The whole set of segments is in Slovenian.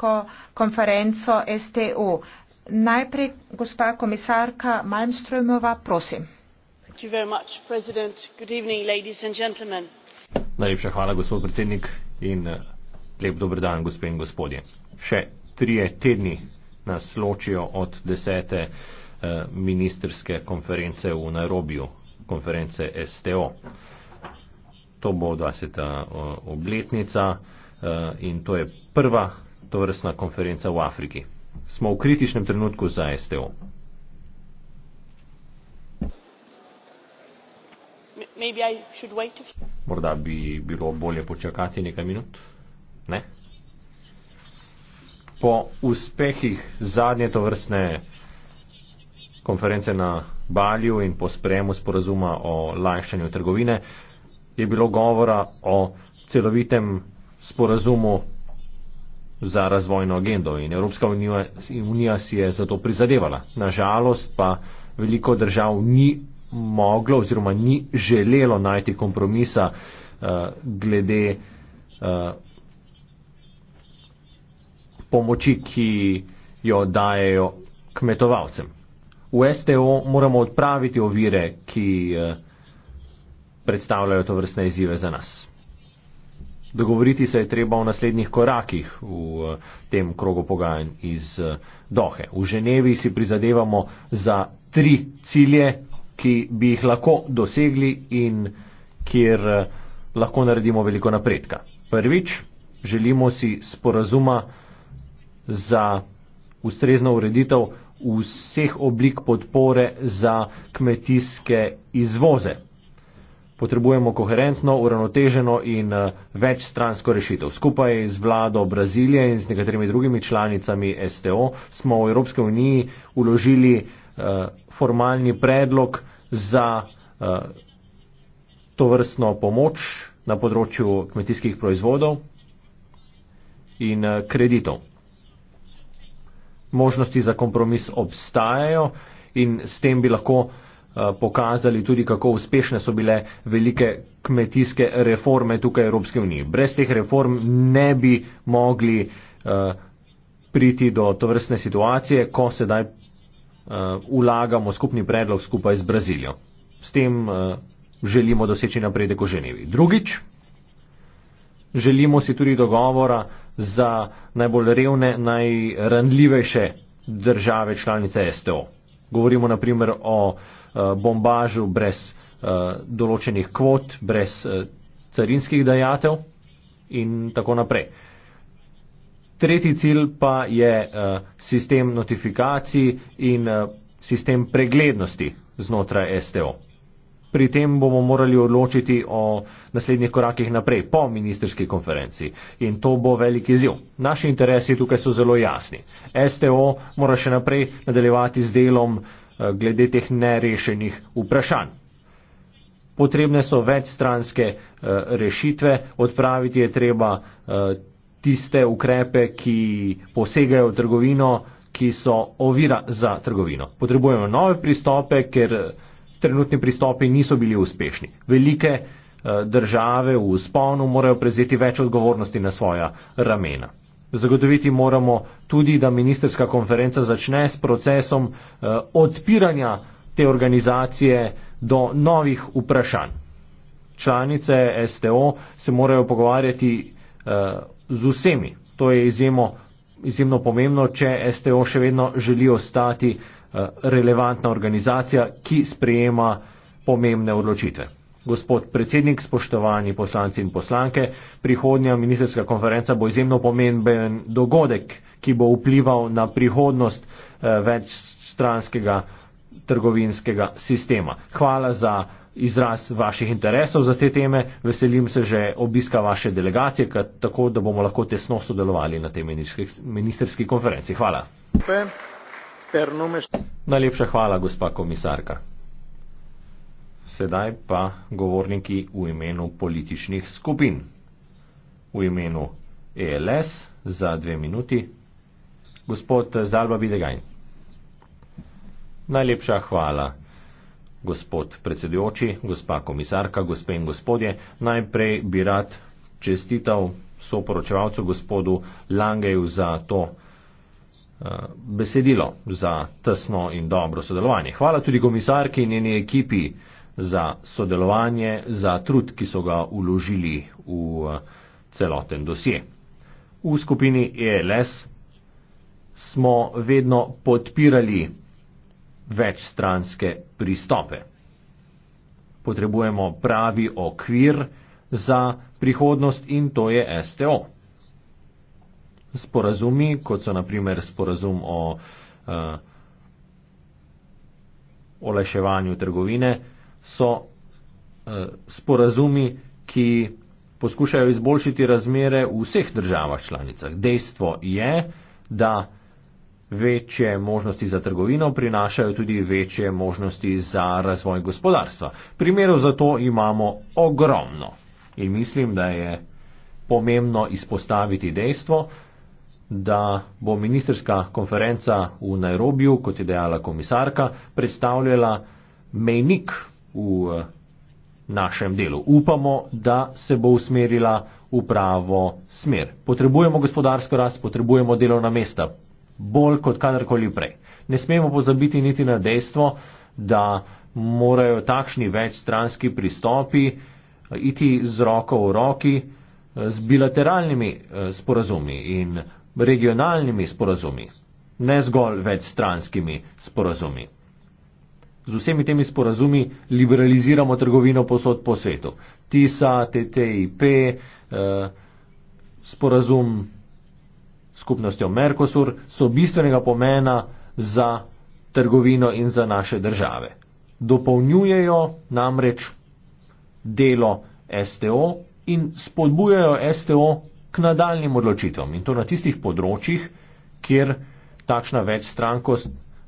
klimatsko konferenco STO. Najprej gospa komisarka Malmströmova, prosim. Much, evening, Najlepša hvala, gospod predsednik, in lep dober dan, gospe in gospodje. Še trije tedni nas ločijo od desete eh, ministerske konference v Nairobiju, konference STO. To bo 20. Eh, obletnica eh, in to je prva to vrstna konferenca v Afriki. Smo v kritičnem trenutku za STO. Morda bi bilo bolje počakati nekaj minut. Ne? Po uspehih zadnje to vrstne konference na Balju in po sprejemu sporazuma o lajšanju trgovine je bilo govora o celovitem sporazumu za razvojno agendo in Evropska unija, unija si je zato prizadevala. Nažalost pa veliko držav ni moglo oziroma ni želelo najti kompromisa uh, glede uh, pomoči, ki jo dajejo kmetovalcem. V STO moramo odpraviti ovire, ki uh, predstavljajo to vrstne izzive za nas. Dogovoriti se je treba o naslednjih korakih v eh, tem krogu pogajanj iz eh, Dohe. V Ženevi si prizadevamo za tri cilje, ki bi jih lahko dosegli in kjer eh, lahko naredimo veliko napredka. Prvič, želimo si sporazuma za ustrezno ureditev vseh oblik podpore za kmetijske izvoze potrebujemo koherentno, uravnoteženo in eh, večstransko rešitev. Skupaj z vlado Brazilije in z nekaterimi drugimi članicami STO smo v Evropske uniji uložili uh, eh, formalni predlog za uh, eh, to vrstno pomoč na področju kmetijskih proizvodov in uh, kreditov. Možnosti za kompromis obstajajo in s tem bi lahko uh, Eh, pokazali tudi, kako uspešne so bile velike kmetijske reforme tukaj v Evropske unije. Brez teh reform ne bi mogli eh, priti do tovrstne situacije, ko sedaj ulagamo eh, skupni predlog skupaj z Brazilijo. S tem želimo doseči napredek v Ženevi. Drugič, želimo si tudi dogovora za najbolj revne, najranljivejše države članice STO. Govorimo naprimer o eh, bombažu brez eh, določenih kvot, brez eh, carinskih dajatev in tako naprej. Tretji cilj pa je sistem notifikacij in sistem preglednosti znotraj STO pri tem bomo morali odločiti o naslednjih korakih naprej, po ministerski konferenci. In to bo veliki ziv. Naši interesi tukaj so zelo jasni. STO mora še naprej nadaljevati z delom eh, glede teh nerešenih vprašanj. Potrebne so večstranske eh, rešitve, odpraviti je treba eh, tiste ukrepe, ki posegajo v trgovino, ki so ovira za trgovino. Potrebujemo nove pristope, ker trenutni pristopi niso bili uspešni. Velike eh, države v sponu morajo prezeti več odgovornosti na svoja ramena. Zagotoviti moramo tudi, da ministerska konferenca začne s procesom eh, odpiranja te organizacije do novih vprašanj. Članice STO se morajo pogovarjati eh, z vsemi. To je izjemo, izjemno pomembno, če STO še vedno želi ostati uh, Eh, relevantna organizacija, ki sprejema pomembne odločitve. Gospod predsednik, spoštovani poslanci in poslanke, prihodnja ministerska konferenca bo izjemno pomemben dogodek, ki bo vplival na prihodnost eh, večstranskega trgovinskega sistema. Hvala za izraz vaših interesov za te teme, veselim se že obiska vaše delegacije, tako da bomo lahko tesno sodelovali na tej ministerski konferenci. Hvala. Okay. Najlepša hvala, gospa komisarka. Sedaj pa govorniki v imenu političnih skupin. V imenu ELS za dve minuti. Gospod Zalba Bidegaj. Najlepša hvala, gospod predsedujoči, gospa komisarka, gospe in gospodje. Najprej bi rad čestital soporočevalcu gospodu Langeju za to, da je. Eh, besedilo za tesno in dobro sodelovanje. Hvala tudi komisarki in njeni ekipi za sodelovanje, za trud, ki so ga uložili v eh, celoten dosje. V skupini ELS smo vedno podpirali večstranske pristope. Potrebujemo pravi okvir za prihodnost in to je STO sporazumi, kot so naprimer sporazum o uh, olajševanju trgovine, so uh, sporazumi, ki poskušajo izboljšiti razmere v vseh državah članicah. Dejstvo je, da večje možnosti za trgovino prinašajo tudi večje možnosti za razvoj gospodarstva. Primerov za to imamo ogromno in mislim, da je pomembno izpostaviti dejstvo, da bo ministerska konferenca v Nairobiju, kot je dejala komisarka, predstavljala mejnik v eh, našem delu. Upamo, da se bo usmerila v pravo smer. Potrebujemo gospodarsko rast, potrebujemo delovna mesta, bolj kot kadarkoli prej. Ne smemo pozabiti niti na dejstvo, da morajo takšni večstranski pristopi eh, iti z roko v roki eh, z bilateralnimi sporazumi in regionalnimi sporazumi, ne zgolj večstranskimi sporazumi. Z vsemi temi sporazumi liberaliziramo trgovino posod po svetu. TISA, TTIP, eh, sporazum skupnostjo Mercosur so bistvenega pomena za trgovino in za naše države. Dopolnjujejo namreč delo STO in spodbujajo STO k nadaljnim odločitvam in to na tistih področjih, kjer takšna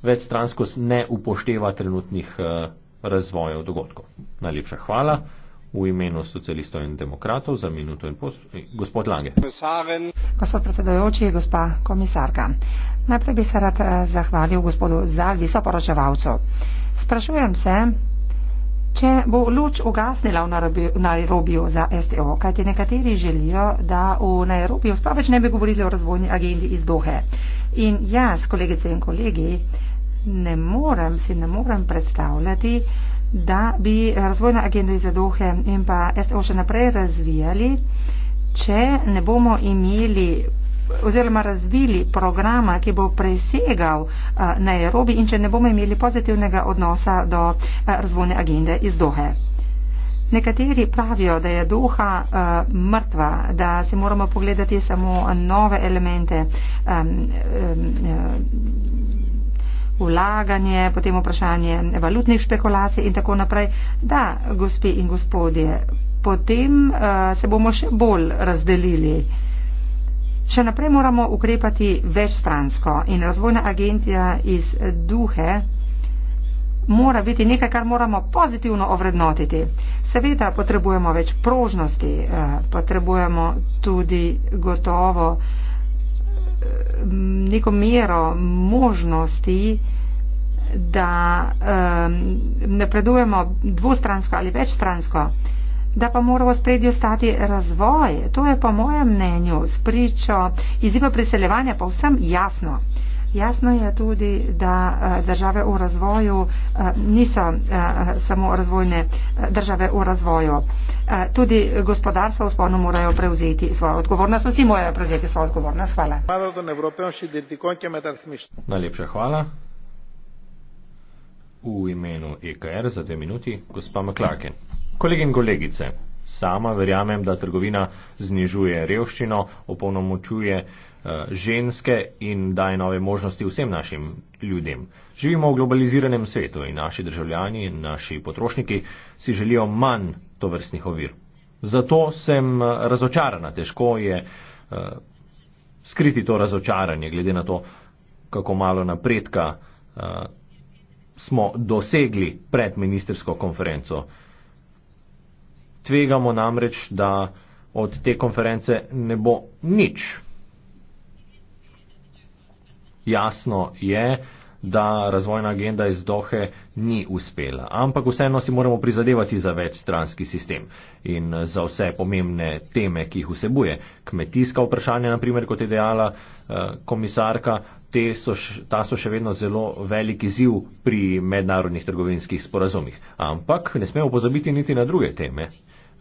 večstranskost ne upošteva trenutnih eh, razvojev dogodkov. Najlepša hvala v imenu socialistov in demokratov za minuto in pol. Eh, gospod Lange. Gospod predsedojoči, gospa komisarka. Najprej bi se rad eh, zahvalil gospodu za visoporočevalcu. Sprašujem se, če bo luč ugasnila v Nairobiju za STO, kajti nekateri želijo, da v Nairobiju sploh več ne bi govorili o razvojni agendi iz Dohe. In jaz, kolegice in kolegi, ne morem si ne morem predstavljati, da bi razvojno agendo iz Dohe in pa STO še naprej razvijali, če ne bomo imeli oziroma razvili programa, ki bo presegal eh, Nairobi in če ne bomo imeli pozitivnega odnosa do eh, razvojne agende iz Dohe. Nekateri pravijo, da je Doha uh, mrtva, da si moramo pogledati samo nove elemente, um, um, um, ulaganje, potem vprašanje valutnih špekulacij in tako naprej. Da, gospi in gospodje, potem uh, se bomo še bolj razdelili. Uh, Še naprej moramo ukrepati večstransko in razvojna agencija iz duhe mora biti nekaj, kar moramo pozitivno ovrednotiti. Seveda potrebujemo več prožnosti, eh, potrebujemo tudi gotovo eh, neko mero možnosti, da eh, napredujemo dvostransko ali večstransko da pa mora v spredju stati razvoj. To je po mojem mnenju spričo izziva priseljevanja pa vsem jasno. Jasno je tudi, da eh, države v razvoju eh, niso eh, samo razvojne države v razvoju. Tudi gospodarstva v sponu morajo prevzeti svojo odgovornost. Vsi morajo prevzeti svojo odgovornost. Hvala. Najlepša hvala. V imenu EKR za dve minuti, gospa McLaren. Kolegi in kolegice, sama verjamem, da trgovina znižuje revščino, opolnomočuje eh, ženske in daje nove možnosti vsem našim ljudem. Živimo v globaliziranem svetu in naši državljani, naši potrošniki si želijo manj tovrstnih ovir. Zato sem eh, razočarana, težko je uh, skriti to razočaranje, glede na to, kako malo napredka uh, smo dosegli pred ministersko konferenco uh, tvegamo namreč, da od te konference ne bo nič. Jasno je, da razvojna agenda iz Dohe ni uspela, ampak vseeno si moramo prizadevati za večstranski sistem in eh, za vse pomembne teme, ki jih vsebuje. Kmetijska vprašanja, naprimer, kot je dejala eh, komisarka, so š, ta so še vedno zelo veliki ziv pri mednarodnih trgovinskih sporazumih. Ampak ne smemo pozabiti niti na druge teme.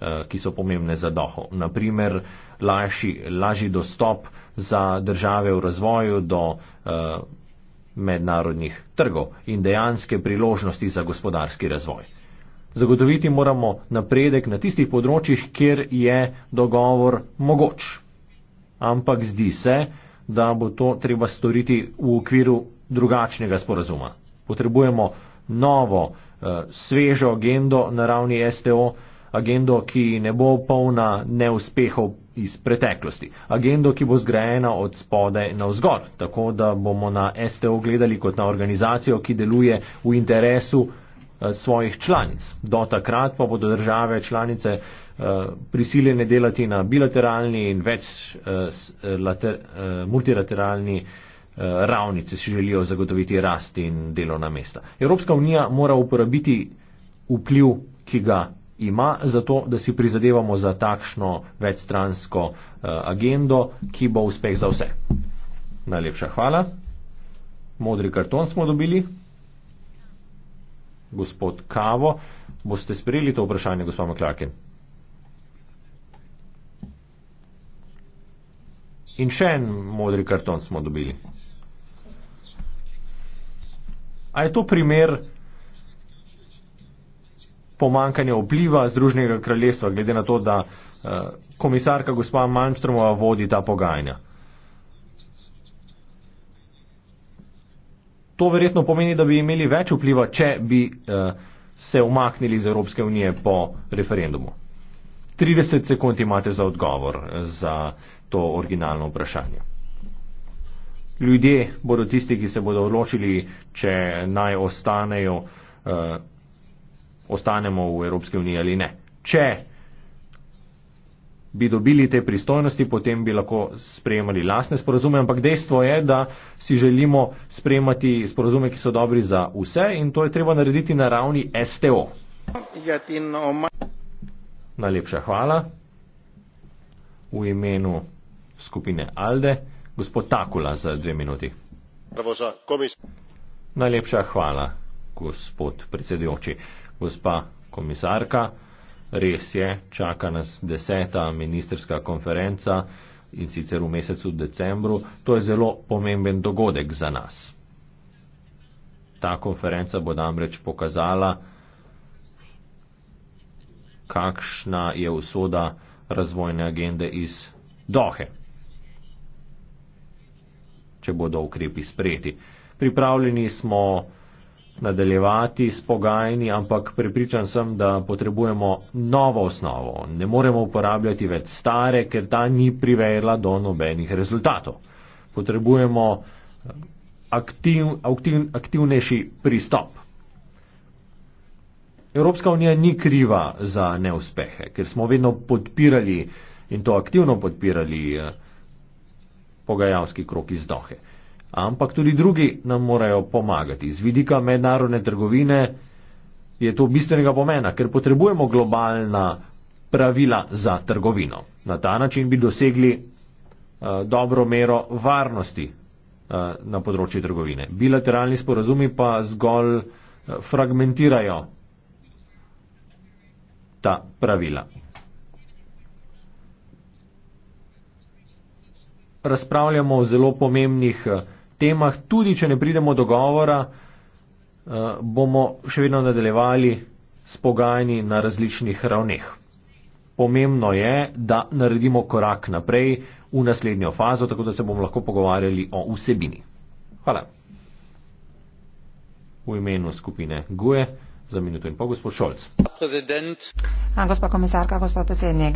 Eh, ki so pomembne za doho. Naprimer, lažji, lažji dostop za države v razvoju do eh, mednarodnih trgov in dejanske priložnosti za gospodarski razvoj. Zagotoviti moramo napredek na tistih področjih, kjer je dogovor mogoč. Ampak zdi se, da bo to treba storiti v okviru drugačnega sporazuma. Potrebujemo novo, eh, svežo agendo na ravni STO agendo, ki ne bo polna neuspehov iz preteklosti, agendo, ki bo zgrajena od spode na vzgor, tako da bomo na STO gledali kot na organizacijo, ki deluje v interesu eh, svojih članic. Do takrat pa bodo države članice eh, prisiljene delati na bilateralni in več eh, multilateralni ravni, če si želijo zagotoviti rast in delovna mesta. Evropska unija mora uporabiti vpliv, ki ga ima za to, da si prizadevamo za takšno večstransko eh, agendo, ki bo uspeh za vse. Najlepša hvala. Modri karton smo dobili. Gospod Kavo, boste sprejeli to vprašanje, gospod Maklaken? In še en modri karton smo dobili. A je to primer, pomankanje obliva Združenega kraljestva, glede na to, da eh, komisarka gospa Malmstromova vodi ta pogajanja. To verjetno pomeni, da bi imeli več vpliva, če bi eh, se umaknili iz Evropske unije po referendumu. 30 sekund imate za odgovor za to originalno vprašanje. Ljudje bodo tisti, ki se bodo odločili, če naj ostanejo eh, ostanemo v Evropski uniji ali ne. Če bi dobili te pristojnosti, potem bi lahko sprejemali lasne sporozume, ampak dejstvo je, da si želimo sprejemati sporozume, ki so dobri za vse in to je treba narediti na ravni STO. Najlepša hvala v imenu skupine Alde. Gospod Takula za dve minuti. Najlepša hvala, gospod predsedujoči gospa komisarka. Res je, čaka nas deseta ministerska konferenca in sicer v mesecu decembru. To je zelo pomemben dogodek za nas. Ta konferenca bo namreč pokazala, kakšna je usoda razvojne agende iz Dohe, če bodo ukrepi sprejeti. Pripravljeni smo nadaljevati s pogajanji, ampak prepričan sem, da potrebujemo novo osnovo. Ne moremo uporabljati več stare, ker ta ni privedla do nobenih rezultatov. Potrebujemo eh, aktiv, aktiv, aktivnejši pristop. Evropska unija ni kriva za neuspehe, ker smo vedno podpirali in to aktivno podpirali eh, pogajalski krok iz Dohe ampak tudi drugi nam morajo pomagati. Z vidika mednarodne trgovine je to bistvenega pomena, ker potrebujemo globalna pravila za trgovino. Na ta način bi dosegli uh, dobro mero varnosti uh, na področju trgovine. Bilateralni sporazumi pa zgolj uh, fragmentirajo ta pravila. Razpravljamo o zelo pomembnih uh, temah, tudi če ne pridemo dogovora, eh, bomo še vedno nadaljevali s pogajanji na različnih ravneh. Pomembno je, da naredimo korak naprej v naslednjo fazo, tako da se bomo lahko pogovarjali o vsebini. Hvala. V imenu skupine GUE za minuto in pol. Gospod Šolc. Gospod komisarka, gospod predsednik,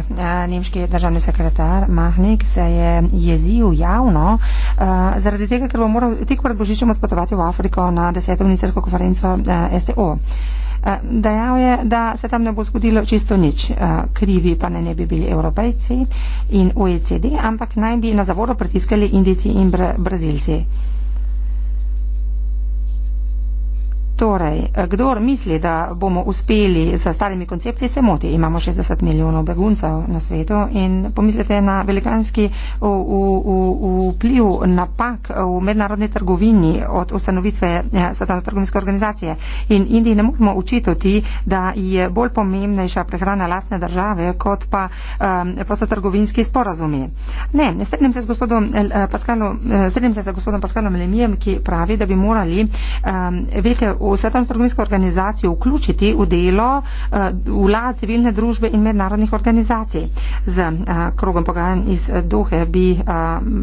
nemški državni sekretar Mahnik se je jezil javno zaradi tega, ker bo moral tik pred Božičem odpotovati v Afriko na 10. ministersko konferenco STO. Dejal je, da se tam ne bo zgodilo čisto nič. Krivi pa ne, ne bi bili evropejci in OECD, ampak naj bi na zavoro pritiskali indici in brazilci. Torej, eh, kdor misli, da bomo uspeli z starimi koncepti, se moti. Imamo 60 milijonov beguncev na svetu in pomislite na velikanski vpliv napak v mednarodni trgovini od ustanovitve eh, Svetovne trgovinske organizacije. In Indiji ne moramo učitati, da je bolj pomembnejša prehrana lastne države kot pa um, ehm, prosto trgovinski sporazumi. Ne, strednjem se z gospodom, uh, eh, Paskalo, uh, se gospodom Paskalom Lemijem, ki pravi, da bi morali um, velike svetovno trgovinsko organizacijo vključiti v delo eh, vlad civilne družbe in mednarodnih organizacij. Z eh, krogom pogajanj iz Dohe bi eh,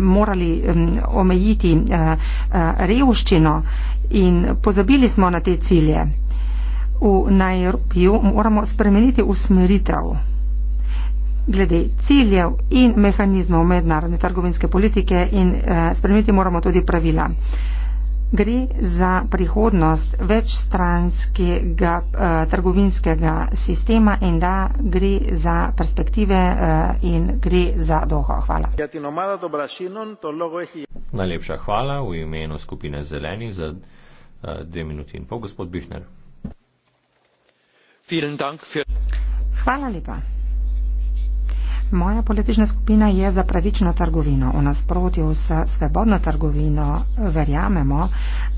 morali omejiti revščino in pozabili smo na te cilje. V Nairobiju moramo spremeniti usmeritev glede ciljev in mehanizmov mednarodne trgovinske politike in spremeniti moramo tudi pravila. Gre za prihodnost večstranskega uh, trgovinskega sistema in da gre za perspektive uh, in gre za doho. Hvala. Ja, Najlepša hvala v imenu skupine Zeleni za uh, dve minuti in pol, gospod Bihner. Hvala lepa. Moja politična skupina je za pravično trgovino. V nasprotju s svobodno trgovino verjamemo,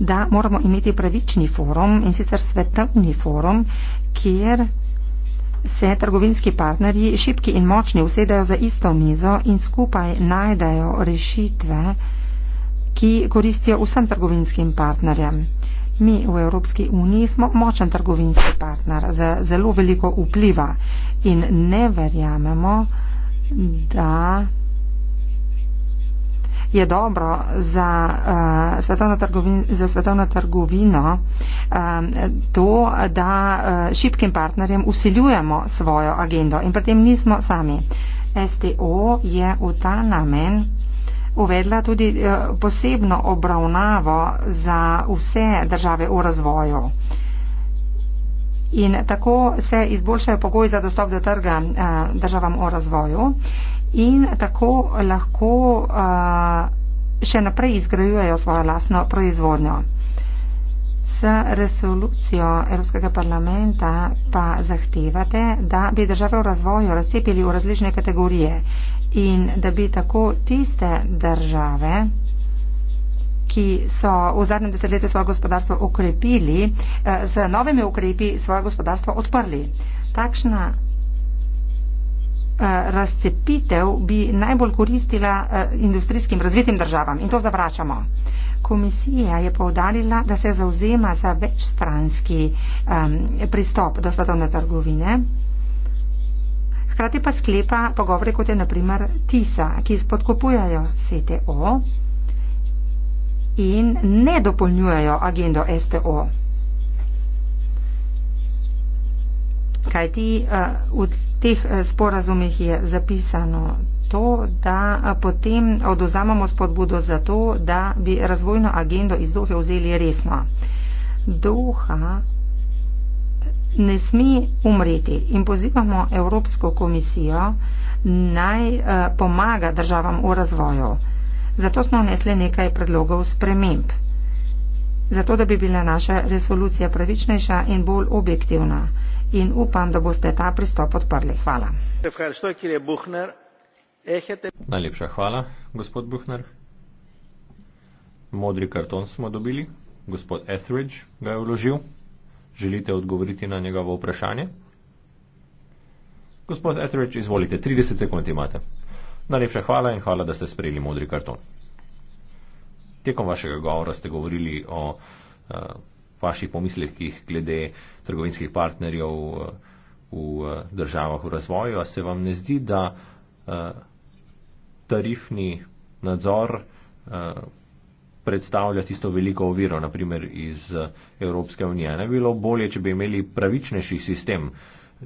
da moramo imeti pravični forum in sicer svetovni forum, kjer se trgovinski partnerji, šipki in močni, usedajo za isto mizo in skupaj najdejo rešitve, ki koristijo vsem trgovinskim partnerjem. Mi v Evropski uniji smo močen trgovinski partner za zelo veliko vpliva in ne verjamemo, da je dobro za, uh, svetovno, trgovin, za svetovno trgovino um, to, da uh, eh, šipkim partnerjem usiljujemo svojo agendo in pri tem nismo sami. STO je v ta namen uvedla tudi uh, posebno obravnavo za vse države v razvoju. Uh, in tako se izboljšajo pogoji za dostop do trga eh, državam o razvoju in tako lahko eh, še naprej izgrajujejo svojo lasno proizvodnjo. S resolucijo Evropskega parlamenta pa zahtevate, da bi države v razvoju razcepili v različne kategorije in da bi tako tiste države, ki so v zadnjem desetletju svoje gospodarstvo okrepili, eh, z novimi ukrepi svoje gospodarstvo odprli. Takšna eh, razcepitev bi najbolj koristila eh, industrijskim razvitim državam in to zavračamo. Komisija je povdarila, da se zauzema za večstranski um, pristop do svetovne trgovine, hkrati pa sklepa pogovore, kot je naprimer TISA, ki spodkopujajo CTO in ne dopolnjujejo agendo STO. Kaj ti eh, v teh eh, sporazumih je zapisano to, da eh, potem oduzamamo spodbudo za to, da bi razvojno agendo iz Dohe vzeli resno. Doha ne sme umreti in pozivamo Evropsko komisijo naj pomaga državam v razvoju zato smo vnesli nekaj predlogov sprememb. Zato, da bi bila naša resolucija pravičnejša in bolj objektivna. In upam, da boste ta pristop odprli. Hvala. Najlepša hvala, gospod Buhner. Modri karton smo dobili. Gospod Etheridge ga je vložil. Želite odgovoriti na njegovo vprašanje? Gospod Etheridge, izvolite, 30 sekund imate. Najlepša hvala in hvala, da ste sprejeli modri karton. Tekom vašega govora ste govorili o uh, vaših pomislekih glede trgovinskih partnerjev uh, v uh, državah v razvoju. A se vam ne zdi, da uh, tarifni nadzor uh, predstavlja tisto veliko oviro, naprimer iz uh, Evropske unije? Ne bi bilo bolje, če bi imeli pravičnejši sistem,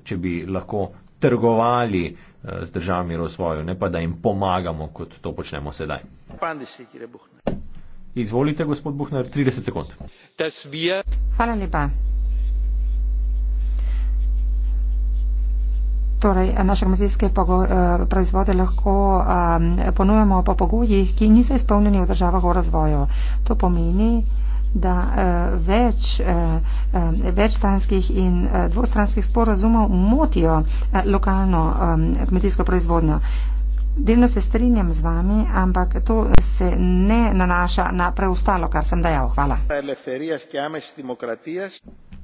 če bi lahko trgovali eh, z državami razvoju, ne pa da jim pomagamo, kot to počnemo sedaj. Izvolite, gospod Buhner, 30 sekund. Hvala lepa. Torej, naše komisijske eh, proizvode lahko um, eh, ponujemo po pogojih, ki niso izpolnjeni v državah v razvoju. To pomeni, da eh, več, eh, eh, večstranskih in dvostranskih sporazumov motijo lokalno kmetijsko proizvodnjo. Delno se strinjam z vami, ampak to se ne nanaša na preostalo, kar sem dejal. Hvala.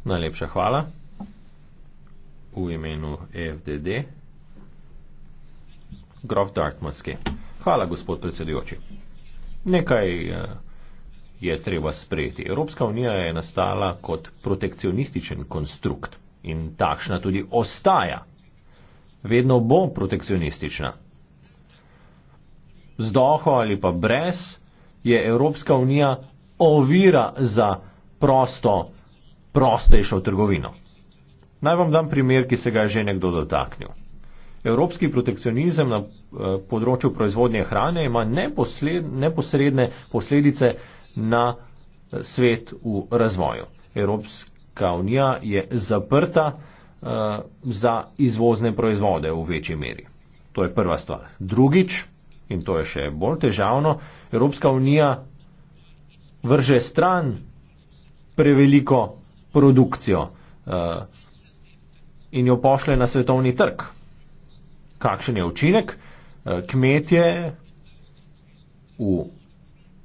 Najlepša hvala. V imenu FDD. Grof Dartmoski. Hvala, gospod predsedujoči. Nekaj uh, je treba sprejeti. Evropska unija je nastala kot protekcionističen konstrukt in takšna tudi ostaja. Vedno bo protekcionistična. Z doho ali pa brez je Evropska unija ovira za prosto, prostejšo trgovino. Naj vam dam primer, ki se ga je že nekdo dotaknil. Evropski protekcionizem na eh, področju proizvodnje hrane ima neposredne posledice na svet v razvoju. Evropska unija je zaprta uh, za izvozne proizvode v večji meri. To je prva stvar. Drugič, in to je še bolj težavno, Evropska unija vrže stran preveliko produkcijo uh, in jo pošle na svetovni trg. Kakšen je učinek? Uh, kmetje v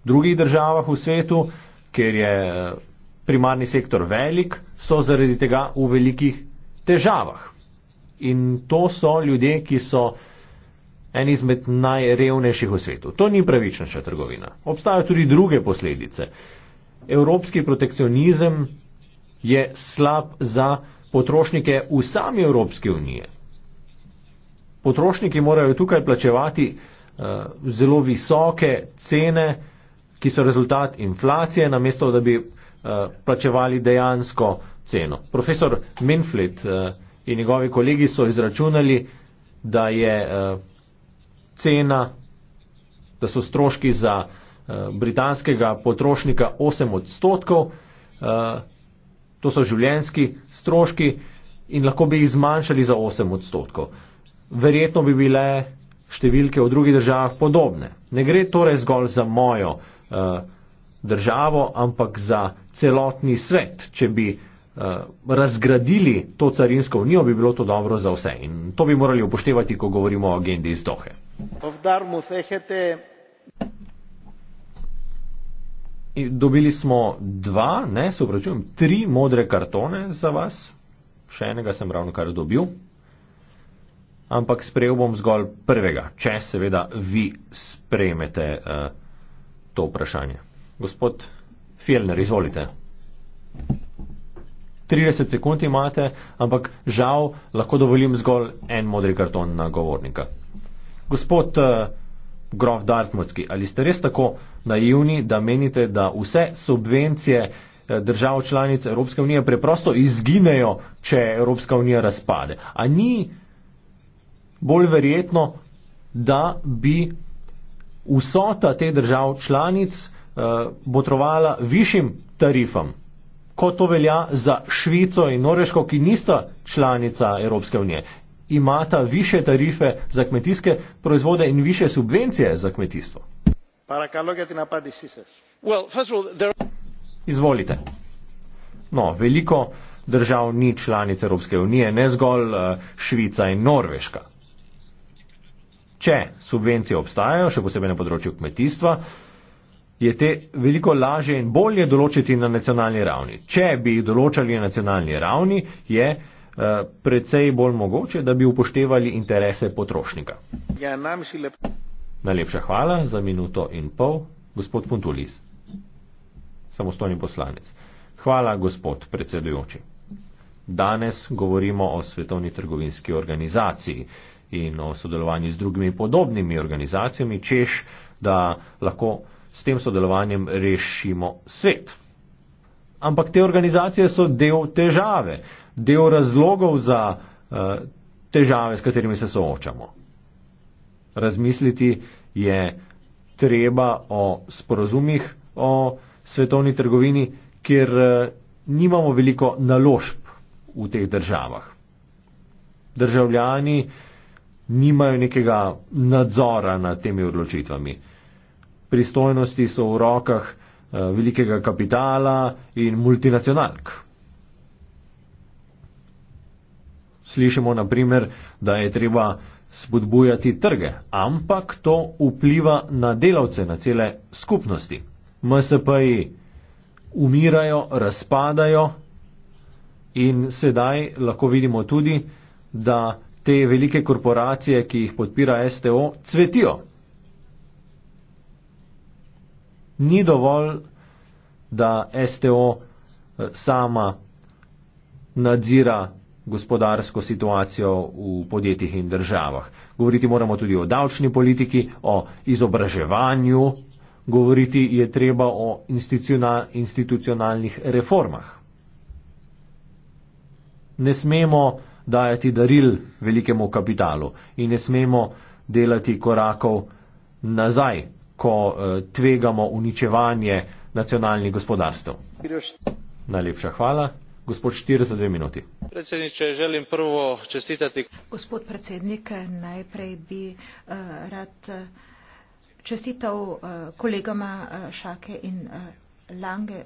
drugih državah v svetu, ker je eh, primarni sektor velik, so zaradi tega v velikih težavah. In to so ljudje, ki so eni izmed najrevnejših v svetu. To ni pravičnaša trgovina. Obstajajo tudi druge posledice. Evropski protekcionizem je slab za potrošnike v sami Evropski uniji. Potrošniki morajo tukaj plačevati uh, zelo visoke cene, uh, ki so rezultat inflacije, namesto da bi uh, plačevali dejansko ceno. Profesor Minflit uh, in njegovi kolegi so izračunali, da je uh, cena, da so stroški za uh, britanskega potrošnika 8 odstotkov, uh, to so življenski stroški in lahko bi jih zmanjšali za 8 odstotkov. Verjetno bi bile številke v drugih državah podobne. Ne gre torej zgolj za mojo uh, Eh, državo, ampak za celotni svet. Če bi eh, razgradili to carinsko unijo, bi bilo to dobro za vse. In to bi morali upoštevati, ko govorimo o agendi iz Dohe. Dobili smo dva, ne se upravičujem, tri modre kartone za vas. Še enega sem ravno kar dobil. Ampak sprejel bom zgolj prvega, če seveda vi sprejmete. Uh, to vprašanje. Gospod Fjellner, izvolite. 30 sekund imate, ampak žal lahko dovolim zgolj en modri karton na govornika. Gospod uh, Grof Dartmutski, ali ste res tako naivni, da menite, da vse subvencije eh, držav članic Evropske unije preprosto izginejo, če Evropska unija razpade? A ni bolj verjetno, da bi vsota teh držav članic eh, botrovala višjim tarifam, kot to velja za Švico in Norveško, ki nista članica Evropske unije. Imata više tarife za kmetijske proizvode in više subvencije za kmetijstvo. Izvolite. No, veliko držav ni članic Evropske unije, ne zgolj eh, Švica in Norveška če subvencije obstajajo, še posebej na področju kmetijstva, je te veliko lažje in bolje določiti na nacionalni ravni. Če bi jih določali na nacionalni ravni, je eh, precej bolj mogoče, da bi upoštevali interese potrošnika. Ja, nam si lepo. Najlepša hvala za minuto in pol, gospod Funtulis, samostojni poslanec. Hvala, gospod predsedujoči. Danes govorimo o Svetovni trgovinski organizaciji in o sodelovanju z drugimi podobnimi organizacijami, češ, da lahko s tem sodelovanjem rešimo svet. Ampak te organizacije so del težave, del razlogov za uh, težave, s katerimi se soočamo. Razmisliti je treba o sporozumih o svetovni trgovini, kjer uh, nimamo veliko naložb v teh državah. Državljani uh, nimajo nekega nadzora nad temi odločitvami. Pristojnosti so v rokah eh, velikega kapitala in multinacionalk. Slišimo naprimer, da je treba spodbujati trge, ampak to vpliva na delavce, na cele skupnosti. MSP-ji umirajo, razpadajo in sedaj lahko vidimo tudi, da te velike korporacije, ki jih podpira STO, cvetijo. Ni dovolj, da STO eh, sama nadzira gospodarsko situacijo v podjetjih in državah. Govoriti moramo tudi o davčni politiki, o izobraževanju, govoriti je treba o institucionalnih reformah. Ne smemo dajati daril velikemu kapitalu in ne smemo delati korakov nazaj, ko eh, tvegamo uničevanje nacionalnih gospodarstv. Najlepša hvala. Gospod Štir za dve minuti. Predsedniče, želim prvo čestitati. Gospod predsednik, najprej bi uh, rad eh, čestital uh, kolegama uh, Šake in. Uh, Lange,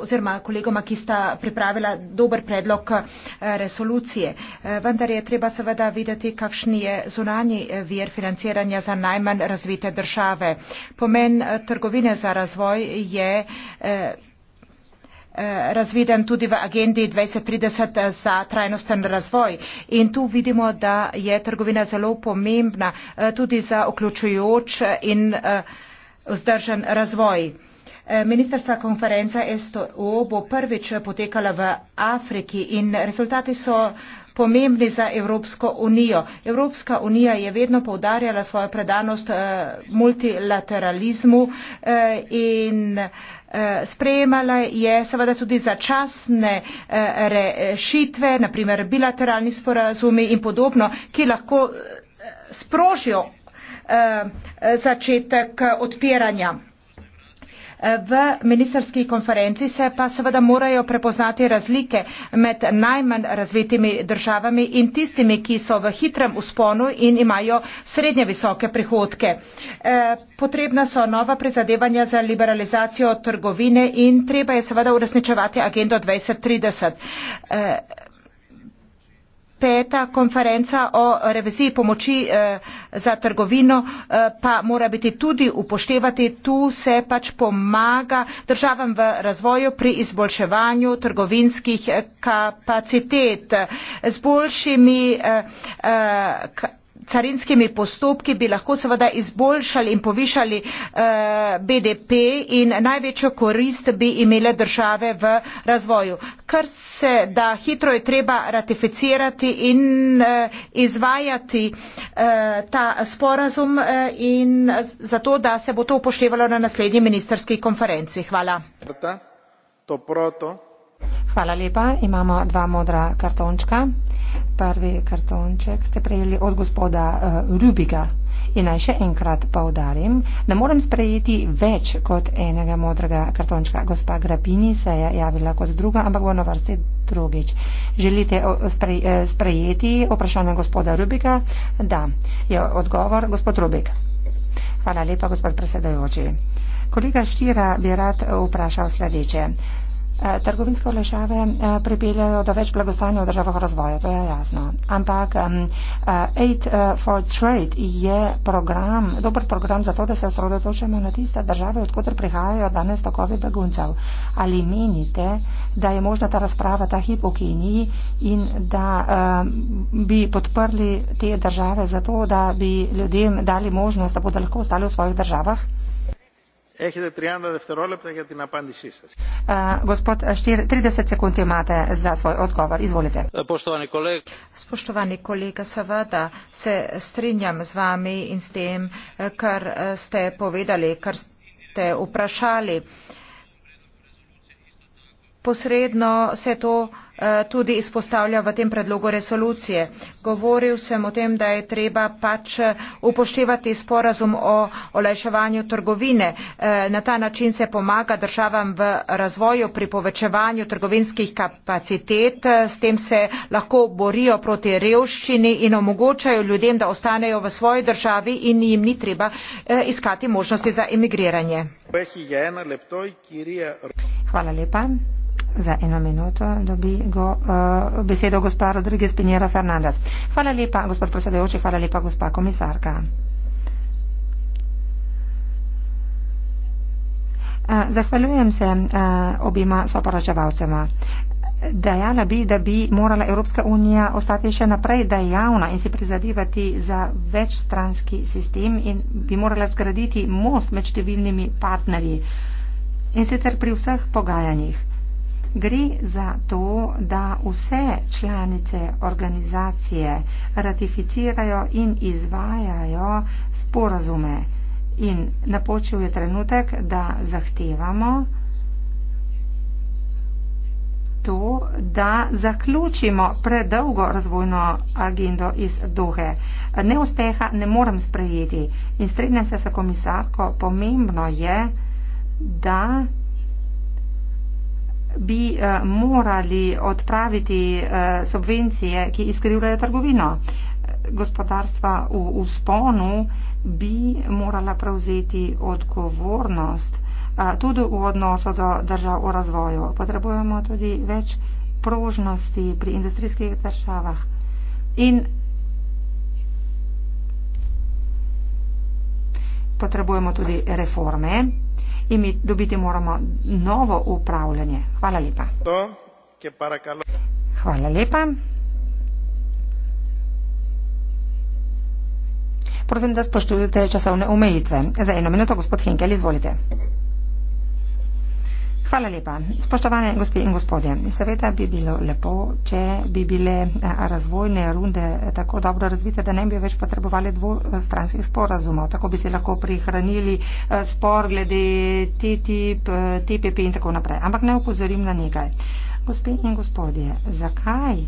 oziroma kolegoma, ki sta pripravila dober predlog eh, resolucije. Eh, vendar je treba seveda videti, kakšen je zunanji eh, vir financiranja za najmanj razvite države. Pomen trgovine za razvoj je razviden tudi v agendi 2030 za trajnosten razvoj. In tu vidimo, da je trgovina zelo pomembna tudi za vključujoč in vzdržen razvoj. Eh, ministrska konferenca STO bo prvič potekala v Afriki in rezultati so pomembni za Evropsko unijo. Evropska unija je vedno poudarjala svojo predanost eh, multilateralizmu eh, in sprejemala je seveda tudi začasne rešitve, naprimer bilateralni sporazumi in podobno, ki lahko sprožijo začetek odpiranja. V ministerski konferenci se pa seveda morajo prepoznati razlike med najmanj razvitimi državami in tistimi, ki so v hitrem usponu in imajo srednje visoke prihodke. Eh, potrebna so nova prizadevanja za liberalizacijo trgovine in treba je seveda uresničevati agendo 2030 peta konferenca o reviziji pomoči eh, za trgovino eh, pa mora biti tudi upoštevati tu se pač pomaga državam v razvoju pri izboljševanju trgovinskih eh, kapacitet z boljšimi carinskimi postopki bi lahko seveda izboljšali in povišali eh, BDP in največjo korist bi imele države v razvoju. Kar se da hitro je treba ratificirati in eh, izvajati eh, ta sporazum in zato, da se bo to upoštevalo na naslednji ministerski konferenci. Hvala. Hvala lepa. Imamo dva modra kartončka. Prvi kartonček ste prejeli od gospoda uh, Rubiga. In naj še enkrat povdarim, da moram sprejeti več kot enega modrega kartončka. Gospa Grabini se je javila kot druga, ampak bo na vrsti drugič. Želite eh, sprej, eh, sprejeti vprašanje gospoda Rubika? Da, je odgovor gospod Rubik. Hvala lepa, gospod predsedajoči. Kolega Štira bi rad vprašal sledeče. Eh, trgovinske olešave eh, pripeljajo do več blagostanja v državah razvoja, to je jasno. Ampak eh, Aid for Trade je program, dober program za to, da se osredotočamo na tiste države, odkotr prihajajo danes tokovi beguncev. Ali menite, da je možna ta razprava ta hip v Keniji in da bi podprli te države za to, da bi ljudem dali možnost, da bodo lahko ostali v svojih državah? Έχετε 30 δευτερόλεπτα για την απάντησή σας. Γοσπότ Αστήρ, 30 σεκούντι μάτε για σβόι οτκόβαρ. Ισβολείτε. Σποστοβάνη κολέγ. Σποστοβάνη κολέγ, σαβάτα, σε στρίνιαμ σβάμι ειν στήμ, καρ στε ποβίδαλι, καρ στε ουπρασάλι. Посредно се тоа Eh, tudi izpostavlja v tem predlogu resolucije. Govoril sem o tem, da je treba pač eh, upoštevati sporazum o olajševanju trgovine. Eh, na ta način se pomaga državam v razvoju pri povečevanju trgovinskih kapacitet, s tem se lahko borijo proti revščini in omogočajo ljudem, da ostanejo v svoji državi in jim ni treba iskati možnosti za emigriranje. Hvala lepa za eno minuto dobi go, uh, besedo gospa Rodriguez Pinjera Fernandez. Hvala lepa, gospod predsedujoči, hvala lepa, gospa komisarka. Uh, zahvaljujem se uh, obima soporočevalcema. Dejala bi, da bi morala Evropska unija ostati še naprej dejavna in si prizadevati za večstranski sistem in bi morala zgraditi most med številnimi partnerji in sicer pri vseh pogajanjih gre za to, da vse članice organizacije ratificirajo in izvajajo sporazume. In napočil je trenutek, da zahtevamo to, da zaključimo predolgo razvojno agendo iz Dohe. Neuspeha ne morem sprejeti in strinjam se s komisarko, pomembno je, da bi eh, morali odpraviti eh, subvencije, ki izkrivljajo trgovino. Gospodarstva v usponu bi morala prevzeti odgovornost eh, tudi v odnosu do držav v razvoju. Potrebujemo tudi več prožnosti pri industrijskih državah. In potrebujemo tudi reforme in mi dobiti moramo novo upravljanje. Hvala lepa. Hvala lepa. Prosim, da spoštujete časovne omejitve. Za eno minuto, gospod Henkel, izvolite. Hvala lepa. Spoštovane gospe in gospodje, seveda bi bilo lepo, če bi bile eh, razvojne runde eh, tako dobro razvite, da ne bi več potrebovali dvostranskih sporazumov. Tako bi se lahko prihranili eh, spor glede TTIP, TPP in tako naprej. Ampak ne upozorim na nekaj. Gospe in gospodje, zakaj?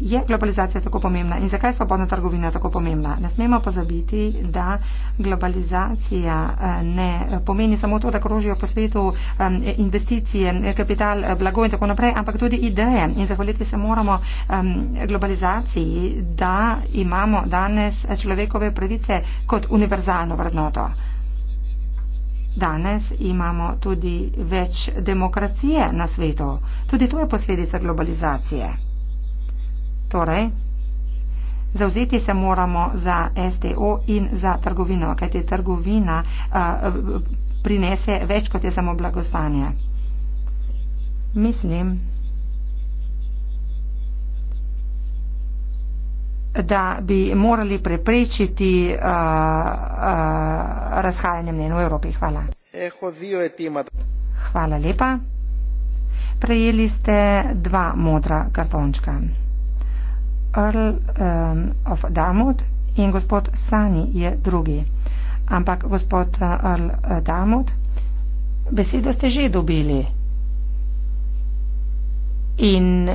je globalizacija tako pomembna in zakaj je svobodna trgovina tako pomembna. Ne smemo pozabiti, da globalizacija eh, ne pomeni samo to, da krožijo po svetu eh, investicije, kapital, eh, blago in tako naprej, ampak tudi ideje. In zahvaliti se moramo globalizaciji, da imamo danes človekove pravice kot univerzalno vrednoto. Danes imamo tudi več demokracije na svetu. Tudi to je posledica globalizacije. Torej, zauzeti se moramo za STO in za trgovino, kajti trgovina a, eh, prinese več kot je samo blagostanje. Mislim, da bi morali preprečiti uh, uh, razhajanje mnen v Evropi. Hvala. Hvala lepa. Prejeli ste dva modra kartončka. Earl um, of Darmouth in gospod Sani je drugi. Ampak gospod uh, Earl uh, Darmouth, besedo ste že dobili in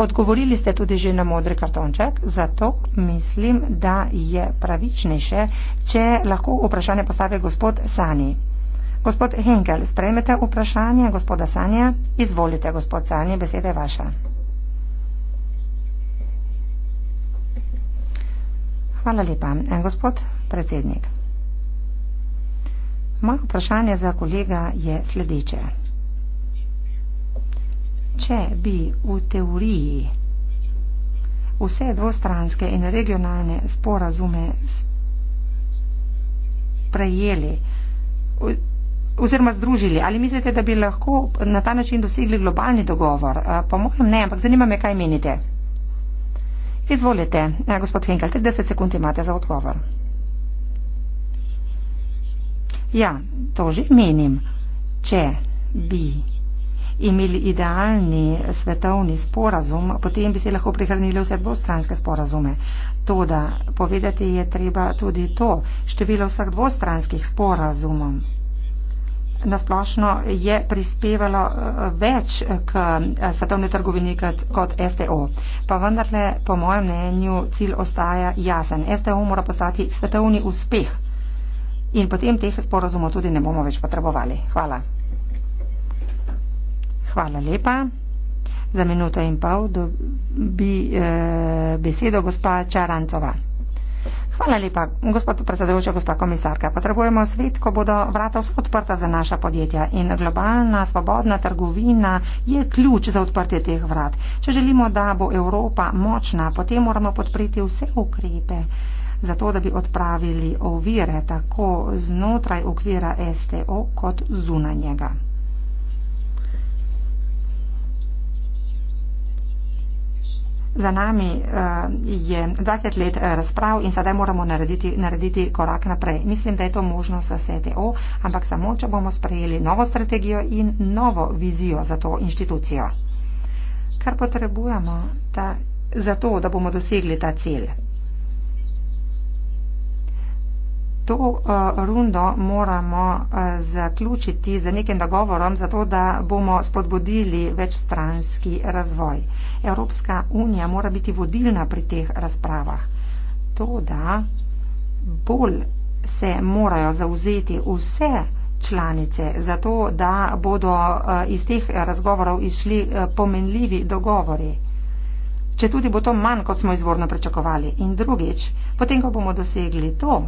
odgovorili ste tudi že na modri kartonček, zato mislim, da je pravičnejše, če lahko vprašanje postavi gospod Sani. Gospod Henkel, sprejmete vprašanje gospoda Sanja? Izvolite, gospod Sanja, beseda je vaša. Hvala lepa. Eh, gospod predsednik, moje vprašanje za kolega je sledeče. Če bi v teoriji vse dvostranske in regionalne sporazume prejeli oziroma združili, ali mislite, da bi lahko na ta način dosegli globalni dogovor? Eh, po mojem ne, ampak zanima me, kaj menite. Izvolite, eh, gospod Henkel, 30 sekund imate za odgovor. Ja, to že menim. Če bi imeli idealni svetovni sporazum, potem bi se lahko prihranili vse dvostranske sporazume. To, da povedati je treba tudi to, število vseh dvostranskih sporazumov nasplošno je prispevalo eh, več k eh, svetovni trgovini kot STO. Pa vendarle, po mojem mnenju, cilj ostaja jasen. STO mora postati svetovni uspeh in potem teh sporazumov tudi ne bomo več potrebovali. Hvala. Hvala lepa. Za minuto in pol dobi eh, besedo gospa Čarancova. Hvala lepa, gospod predsedujoča, gospa komisarka. Potrebujemo svet, ko bodo vrata vse odprta za naša podjetja in globalna svobodna trgovina je ključ za odprtje teh vrat. Če želimo, da bo Evropa močna, potem moramo podpreti vse ukrepe zato, da bi odpravili ovire tako znotraj okvira STO kot zunanjega. Za nami uh, je 20 let eh, razprav in sedaj moramo narediti, narediti korak naprej. Mislim, da je to možno s CTO, ampak samo, če bomo sprejeli novo strategijo in novo vizijo za to inštitucijo. Kar potrebujemo ta, za to, da bomo dosegli ta cilj? to eh, rundo moramo eh, zaključiti z nekim dogovorom, zato da bomo spodbudili večstranski razvoj. Evropska unija mora biti vodilna pri teh razpravah. To, da bolj se morajo zauzeti vse članice, zato da bodo eh, iz teh razgovorov išli pomenljivi dogovori. Če tudi bo to manj, kot smo izvorno pričakovali. In drugič, potem, ko bomo dosegli to,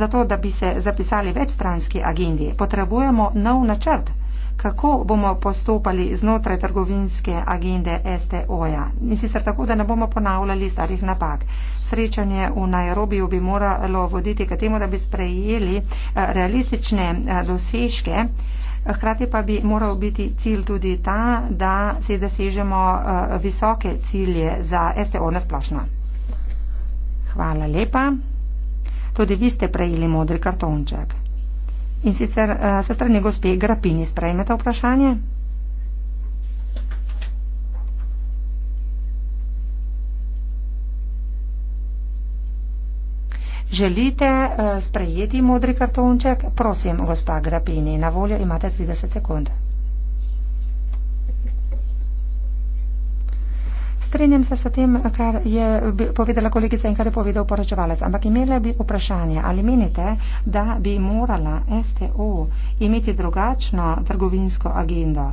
Zato, da bi se zapisali večstranski agendi, potrebujemo nov načrt, kako bomo postopali znotraj trgovinske agende STO-ja. In sicer tako, da ne bomo ponavljali starih napak. Srečanje v Nairobiju bi moralo voditi k temu, da bi sprejeli eh, realistične eh, dosežke. Hkrati pa bi moral biti cilj tudi ta, da se dosežemo eh, visoke cilje za STO nasplošno. Hvala lepa tudi vi ste prejeli modri kartonček. In sicer uh, eh, se strani gospe Grapini sprejmete vprašanje? Želite uh, sprejeti modri kartonček? Prosim, gospa Grapini, na voljo imate 30 sekund. Strenjam se s tem, kar je povedala kolegica in kar je povedal poročevalec, ampak imela bi vprašanje, ali menite, da bi morala STO imeti drugačno trgovinsko agendo?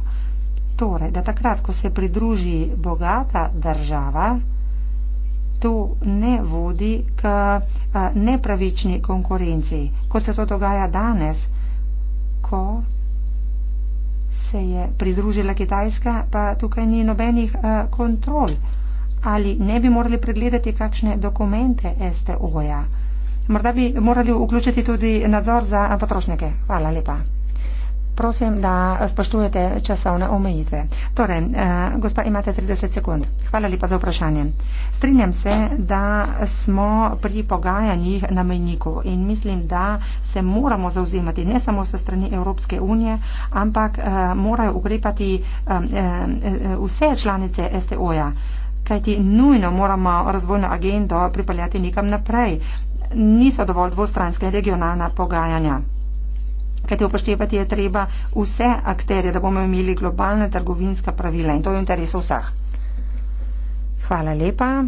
Torej, da takrat, ko se pridruži bogata država, to ne vodi k eh, nepravični konkurenci, kot se to dogaja danes, ko se je pridružila Kitajska, pa tukaj ni nobenih eh, kontrol. Ali ne bi morali pregledati kakšne dokumente STO-ja? Morda bi morali vključiti tudi nadzor za potrošnike. Hvala lepa prosim, da eh, spoštujete časovne omejitve. Torej, eh, gospa, imate 30 sekund. Hvala lepa za vprašanje. Strinjam se, da smo pri pogajanjih na menjiku in mislim, da se moramo zauzemati ne samo se strani Evropske unije, ampak eh, morajo ukrepati eh, eh vse članice STO-ja, kajti nujno moramo razvojno agendo pripeljati nekam naprej. Niso dovolj dvostranske regionalna pogajanja kajte upoštevati je treba vse akterje, da bomo imeli globalne trgovinska pravila in to je v interesu vseh. Hvala lepa.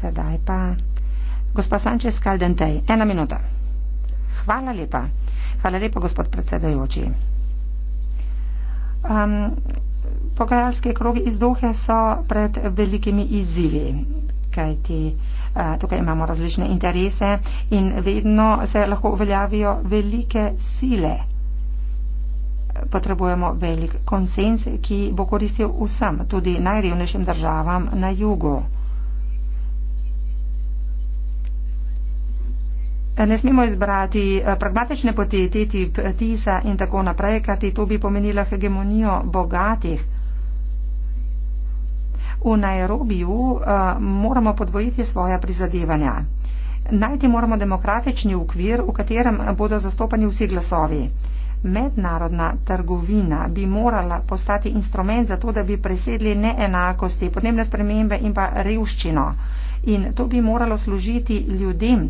Sedaj pa. Gospa Sančes Kaldentej, ena minuta. Hvala lepa. Hvala lepa, gospod predsedajoči. Um, pogajalske kroge iz Dohe so pred velikimi izzivi, kajti Eh, tukaj imamo različne interese in vedno se lahko uveljavijo velike sile. Potrebujemo velik konsens, ki bo koristil vsem, tudi najrevnejšim državam na jugu. Ne smemo izbrati eh, pragmatične poti, TTIP, TISA in tako naprej, kajti to bi pomenila hegemonijo bogatih. V Nairobiju uh, moramo podvojiti svoja prizadevanja. Najti moramo demokratični ukvir, v katerem bodo zastopani vsi glasovi. Mednarodna trgovina bi morala postati instrument za to, da bi presedli neenakosti, podnebne spremembe in pa revščino. In to bi moralo služiti ljudem.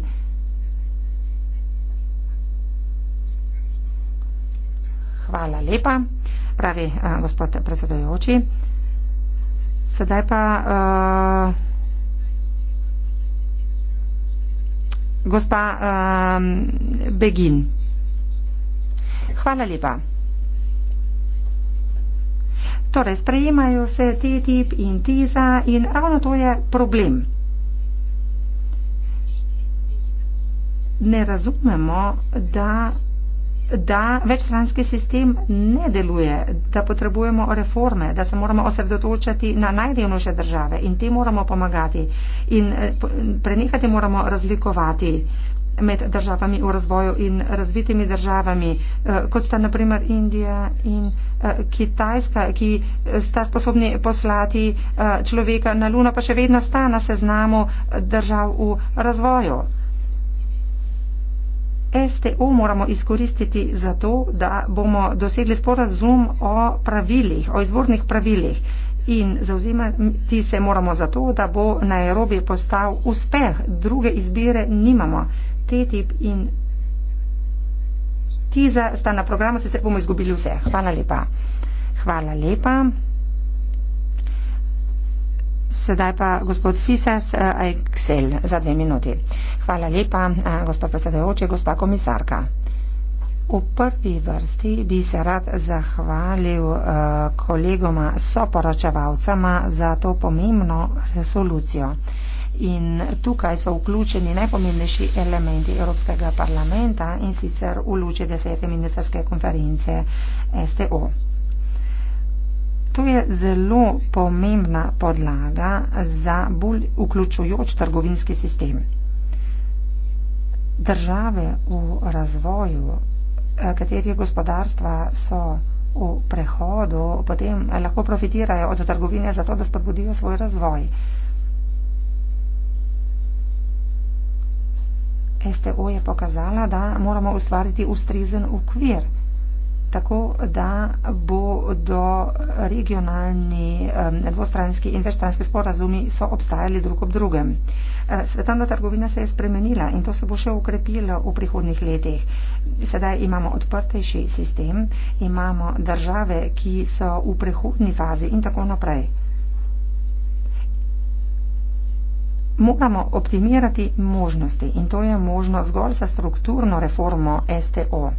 Hvala lepa, pravi eh, gospod predsedojoči. Sedaj pa uh, gospa uh, Begin. Hvala lepa. Torej, sprejemajo se TTIP in TISA in ravno to je problem. Ne razumemo, da da večstranski sistem ne deluje, da potrebujemo reforme, da se moramo osredotočati na najrevnejše države in te moramo pomagati in eh, prenehati moramo razlikovati med državami v razvoju in razvitimi državami, eh, kot sta naprimer Indija in eh, Kitajska, ki sta sposobni poslati človeka na luno, pa še vedno sta na seznamu držav v razvoju. STO moramo izkoristiti za to, da bomo dosegli sporazum o pravilih, o izvornih pravilih in zauzemati se moramo za to, da bo na Evropi postal uspeh. Druge izbire nimamo. TTIP in TISA sta na programu, sicer bomo izgubili vse. Hvala lepa. Hvala lepa. Sedaj pa gospod Fises, eh, Excel, za dve minuti. Hvala lepa, eh, gospod predsedajoče, gospa komisarka. V prvi vrsti bi se rad zahvalil eh, kolegoma soporočevalcama za to pomembno resolucijo. In tukaj so vključeni najpomembnejši elementi Evropskega parlamenta in sicer v luči desete ministerske konference STO. To je zelo pomembna podlaga za bolj vključujoč trgovinski sistem. Države v razvoju, eh, katerih gospodarstva so v prehodu, potem lahko profitirajo od trgovine zato, da spodbudijo svoj razvoj. STO je pokazala, da moramo ustvariti ustrezen ukvir tako da bo do regionalni dvostranski in večstranski sporazumi so obstajali drug ob drugem. E, svetovna trgovina se je spremenila in to se bo še ukrepilo v prihodnih letih. Sedaj imamo odprtejši sistem, imamo države, ki so v prehodni fazi in tako naprej. Moramo optimirati možnosti in to je možno zgolj sa strukturno reformo STO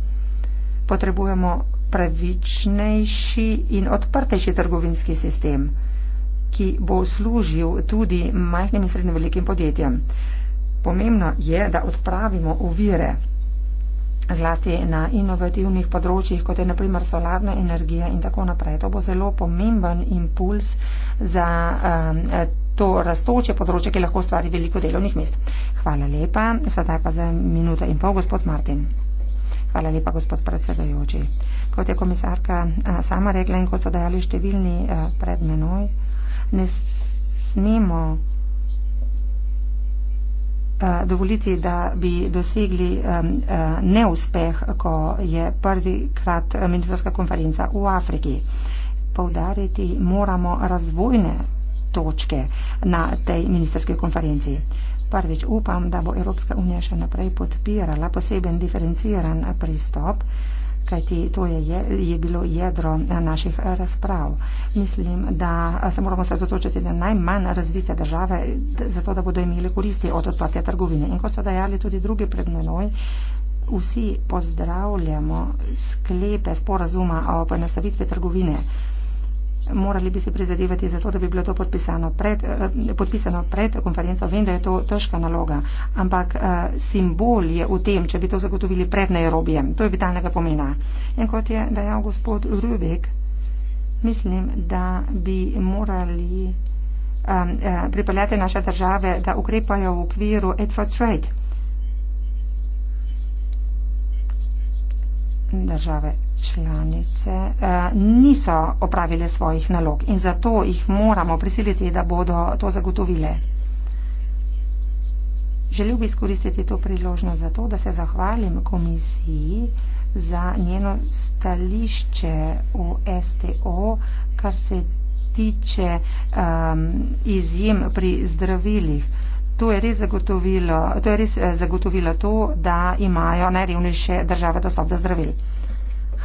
potrebujemo pravičnejši in odprtejši trgovinski sistem, ki bo služil tudi majhnim in srednjim velikim podjetjem. Pomembno je, da odpravimo uvire zlasti na inovativnih področjih, kot je naprimer solarna energija in tako naprej. To bo zelo pomemben impuls za um, to rastoče področje, ki lahko ustvari veliko delovnih mest. Hvala lepa. Sedaj pa za minuto in pol, gospod Martin. Hvala lepa, gospod predsedojoči. Kot je komisarka sama rekla in kot so dejali številni pred menoj, ne smemo dovoliti, da bi dosegli neuspeh, ko je prvi krat ministrska konferenca v Afriki. Povdariti moramo razvojne točke na tej ministerski konferenciji. Prvič upam, da bo Evropska unija še naprej podpirala poseben diferenciran pristop, kajti to je, je, je bilo jedro naših razprav. Mislim, da se moramo sredotočiti na najmanj razvite države, zato da bodo imeli koristi od odprtja trgovine. In kot so dajali tudi drugi pred menoj, vsi pozdravljamo sklepe sporazuma o poenostavitvi trgovine morali bi se prizadevati za to, da bi bilo to pred, eh, podpisano pred konferenco. Vem, da je to težka naloga, ampak eh, simbol je v tem, če bi to zagotovili pred Nairobijem. To je vitalnega pomena. In kot je dejal gospod Rubik, mislim, da bi morali um, eh, pripeljati naše države, da ukrepajo v okviru aid for trade države članice eh, niso opravile svojih nalog in zato jih moramo prisiliti, da bodo to zagotovile. Želel bi izkoristiti to priložnost za to, da se zahvalim komisiji za njeno stališče v STO, kar se tiče um, izjem pri zdravilih. To je, to je res eh, zagotovilo to, da imajo najrevnejše države dostop do zdravil.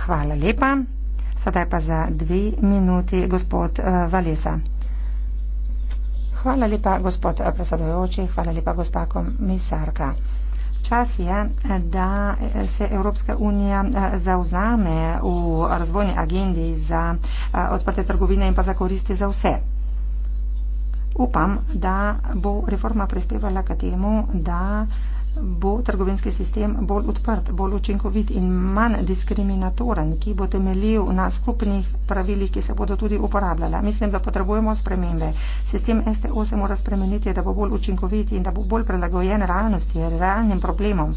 Hvala lepa. Sedaj pa za dve minuti gospod eh, Valesa. Hvala lepa, gospod eh, predsedojoči, hvala lepa, gospa komisarka. Čas je, eh, da se Evropska unija zauzame v razvojni agendi za odprte trgovine in pa za koristi za vse. Upam, da bo reforma prispevala k temu, da bo trgovinski sistem bolj odprt, bolj učinkovit in manj diskriminatoren, ki bo temeljil na skupnih pravilih, ki se bodo tudi uporabljala. Mislim, da potrebujemo spremembe. Sistem STO se mora spremeniti, da bo bolj učinkovit in da bo bolj prilagojen realnosti, realnim problemom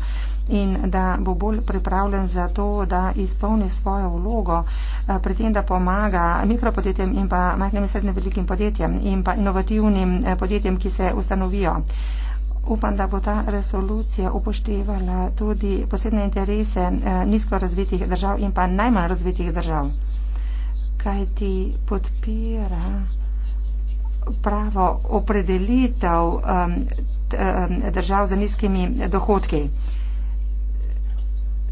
in da bo bolj pripravljen za to, da izpolni svojo vlogo eh, pri tem, da pomaga mikropodjetjem in pa majhnim in srednjim velikim podjetjem in pa inovativnim eh, podjetjem, ki se ustanovijo. Upam, da bo ta resolucija upoštevala tudi posebne interese eh, nizko razvitih držav in pa najmanj razvitih držav, kajti podpira pravo opredelitev držav za nizkimi dohodki.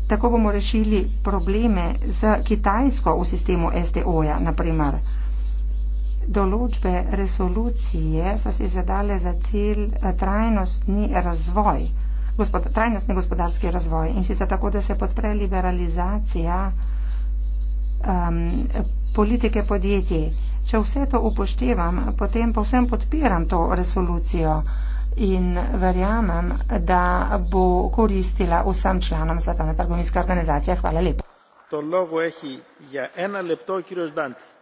Tako bomo rešili probleme z Kitajsko v sistemu STO-ja, naprimer določbe resolucije so si zadale za cilj eh, trajnostni razvoj, gospod, trajnostni gospodarski razvoj in sicer tako, da se podpre liberalizacija um, politike podjetij. Če vse to upoštevam, potem povsem podpiram to resolucijo in verjamem, da bo koristila vsem članom Svetovne trgovinske organizacije. Hvala lepa. To logo je ja, ena lepto, kiro Zdanti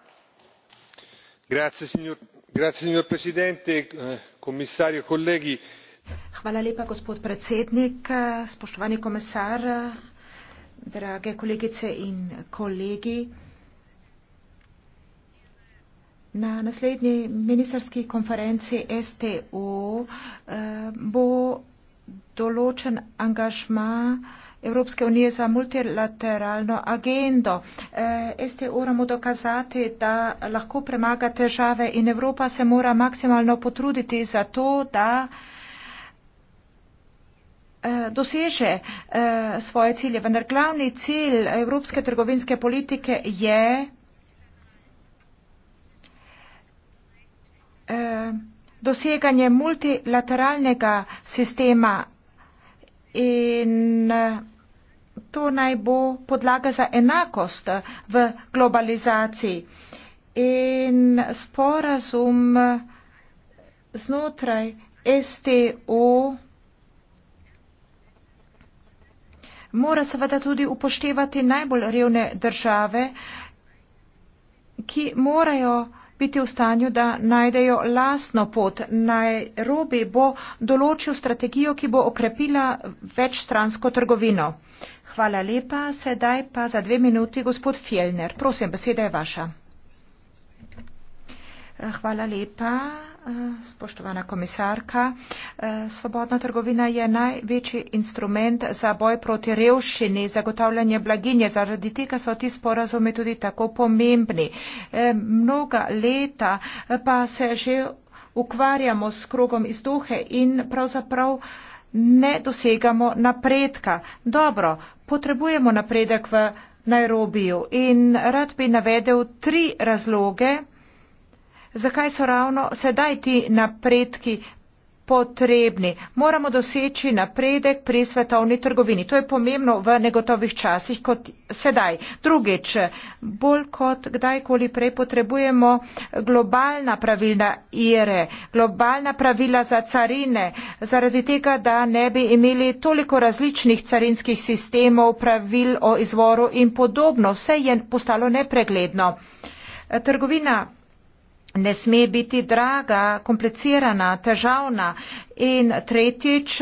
signor presidente eh, commissario colleghi hvala lepa gospod predsednik spoštovani komisar drage kolegice in kolegi na naslednji ministrski konferenci sto eh, bo določen angažma Evropske unije za multilateralno agendo. Este eh, moramo dokazati, da lahko premaga težave in Evropa se mora maksimalno potruditi za to, da eh, doseže eh, svoje cilje. Vendar glavni cilj evropske trgovinske politike je doseganje multilateralnega sistema in to naj bo podlaga za enakost v globalizaciji. In sporazum znotraj STO mora seveda tudi upoštevati najbolj revne države, ki morajo biti v stanju, da najdejo lasno pot. Najrobi bo določil strategijo, ki bo okrepila večstransko trgovino. Hvala lepa. Sedaj pa za dve minuti gospod Fjellner. Prosim, beseda je vaša. Hvala lepa, eh, spoštovana komisarka. Eh, svobodna trgovina je največji instrument za boj proti revščini, zagotavljanje blaginje, zaradi tega so ti sporazumi tudi tako pomembni. Eh, mnoga leta pa se že ukvarjamo s krogom iz duhe in pravzaprav ne dosegamo napredka. Dobro, potrebujemo napredek v Nairobiju in rad bi navedel tri razloge, zakaj so ravno sedaj ti napredki potrebni. Moramo doseči napredek pri svetovni trgovini. To je pomembno v negotovih časih kot sedaj. Drugič, bolj kot kdajkoli prej potrebujemo globalna pravilna IRE, globalna pravila za carine, zaradi tega, da ne bi imeli toliko različnih carinskih sistemov, pravil o izvoru in podobno. Vse je postalo nepregledno. Trgovina ne sme biti draga, komplicirana, težavna. In tretjič,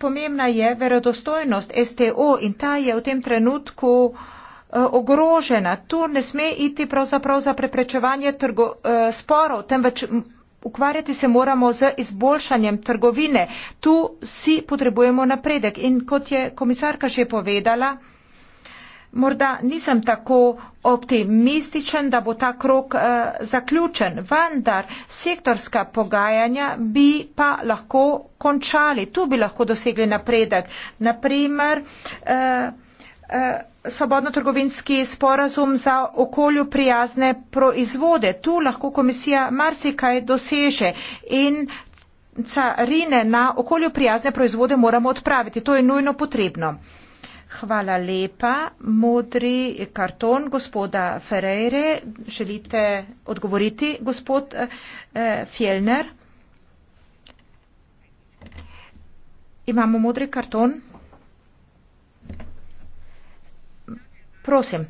pomembna je verodostojnost STO in ta je v tem trenutku eh, ogrožena. Tu ne sme iti pravzaprav za preprečevanje trgo, eh, sporov, temveč ukvarjati se moramo z izboljšanjem trgovine. Tu si potrebujemo napredek. In kot je komisarka že povedala, morda nisem tako optimističen, da bo ta krok e, eh, zaključen, vendar sektorska pogajanja bi pa lahko končali, tu bi lahko dosegli napredek. Naprimer, e, eh, e, eh, svobodno-trgovinski sporazum za okolju prijazne proizvode. Tu lahko komisija marsikaj doseže in carine na okolju prijazne proizvode moramo odpraviti. To je nujno potrebno. Hvala lepa. Modri karton gospoda Ferreire. Želite odgovoriti, gospod eh, Fjellner? Imamo modri karton. Prosim.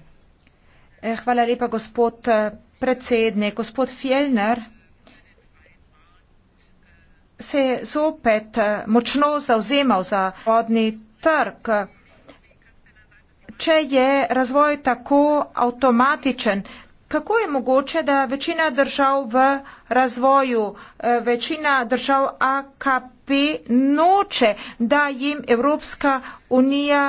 Eh, hvala lepa, gospod eh, predsednik. Gospod Fjellner se je zopet eh, močno zauzemal za vodni trg če je razvoj tako avtomatičen, kako je mogoče, da večina držav v razvoju, eh, večina držav AKP noče, da jim Evropska unija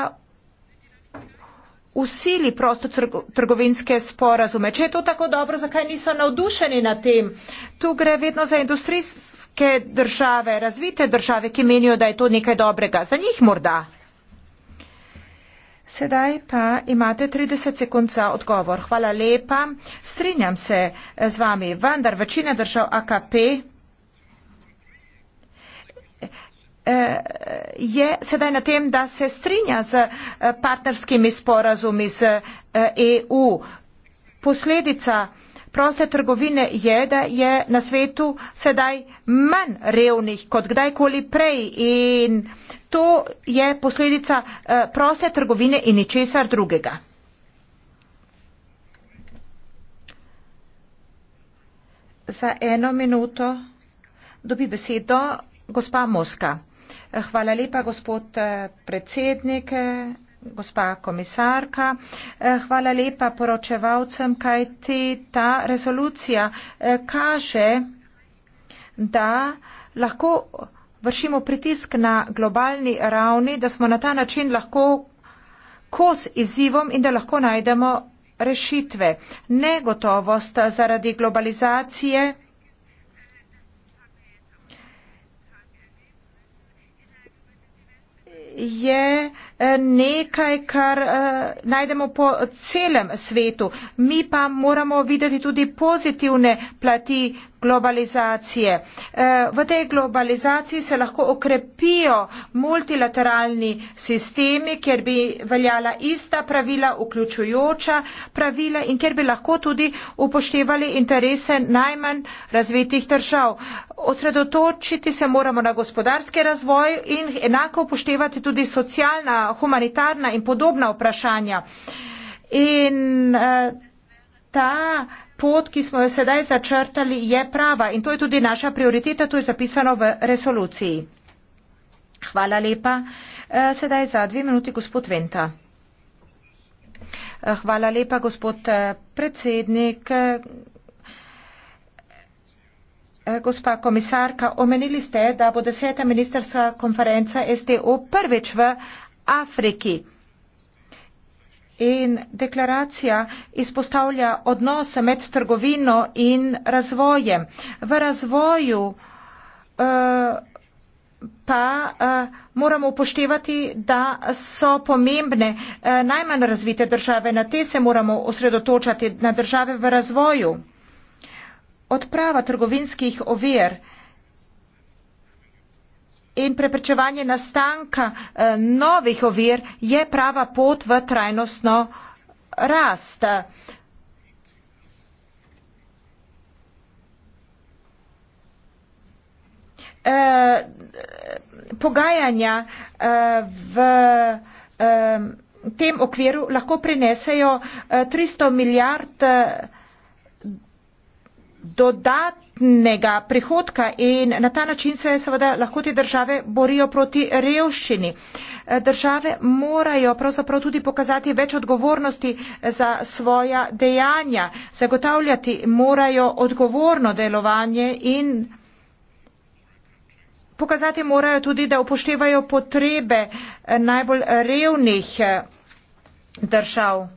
usili prosto trgovinske sporazume. Če je to tako dobro, zakaj niso navdušeni na tem? Tu gre vedno za industrijske države, razvite države, ki menijo, da je to nekaj dobrega. Za njih morda. Sedaj pa imate 30 sekund za odgovor. Hvala lepa. Strinjam se eh, z vami, vendar večina držav AKP eh, je sedaj na tem, da se strinja z eh, partnerskimi sporazumi z EU. E Posledica proste trgovine je, da je na svetu sedaj manj revnih kot kdajkoli prej in to je posledica eh, proste trgovine in ničesar drugega. Za eno minuto dobi besedo gospa Moska. Eh, hvala lepa, gospod eh, predsednik, gospa komisarka. Hvala lepa poročevalcem, kaj ti ta rezolucija kaže, da lahko vršimo pritisk na globalni ravni, da smo na ta način lahko kos izzivom in da lahko najdemo rešitve. Negotovost zaradi globalizacije je eh, nekaj, kar eh, najdemo po celem svetu. Mi pa moramo videti tudi pozitivne plati globalizacije. Eh, v tej globalizaciji se lahko okrepijo multilateralni sistemi, kjer bi veljala ista pravila, vključujoča pravila in kjer bi lahko tudi upoštevali interese najmanj razvitih držav. Osredotočiti se moramo na gospodarski razvoj in enako upoštevati tudi socialna, humanitarna in podobna vprašanja. In eh, ta pot, ki smo jo sedaj začrtali, je prava in to je tudi naša prioriteta, to je zapisano v resoluciji. Hvala lepa. Eh, sedaj za dve minuti gospod Venta. Eh, hvala lepa, gospod eh, predsednik. Gospa komisarka, omenili ste, da bo deseta ministerska konferenca STO prvič v Afriki in deklaracija izpostavlja odnose med trgovino in razvojem. V razvoju uh, pa uh, moramo upoštevati, da so pomembne uh, najmanj razvite države. Na te se moramo osredotočati, na države v razvoju. Odprava trgovinskih ovir in preprečevanje nastanka eh, novih ovir je prava pot v trajnostno rast. Eh, pogajanja eh, v tem okviru lahko prinesejo 300 milijard evrov dodatnega prihodka in na ta način se seveda lahko te države borijo proti revščini. Eh, države morajo pravzaprav tudi pokazati več odgovornosti eh, za svoja dejanja, zagotavljati morajo odgovorno delovanje in pokazati morajo tudi, da upoštevajo potrebe eh, najbolj revnih držav.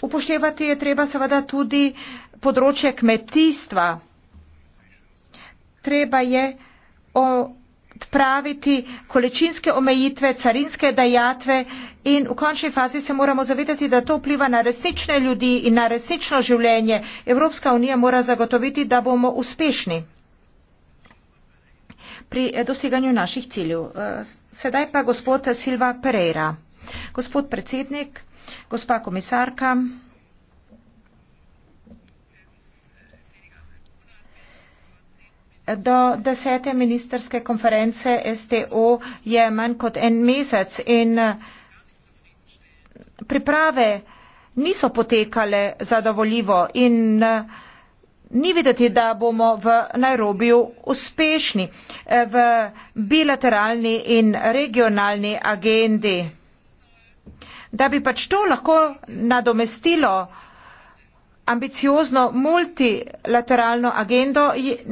Upoštevati je treba seveda tudi področje kmetijstva. Treba je odpraviti količinske omejitve, carinske dajatve in v končni fazi se moramo zavedati, da to vpliva na resnične ljudi in na resnično življenje. Evropska unija mora zagotoviti, da bomo uspešni pri eh, doseganju naših ciljev. Eh, sedaj pa gospod Silva Pereira. Gospod predsednik, Gospa komisarka, Do desete ministerske konference STO je manj kot en mesec in priprave niso potekale zadovoljivo in ni videti, da bomo v Nairobiju uspešni v bilateralni in regionalni agendi da bi pač to lahko nadomestilo ambiciozno multilateralno agendo,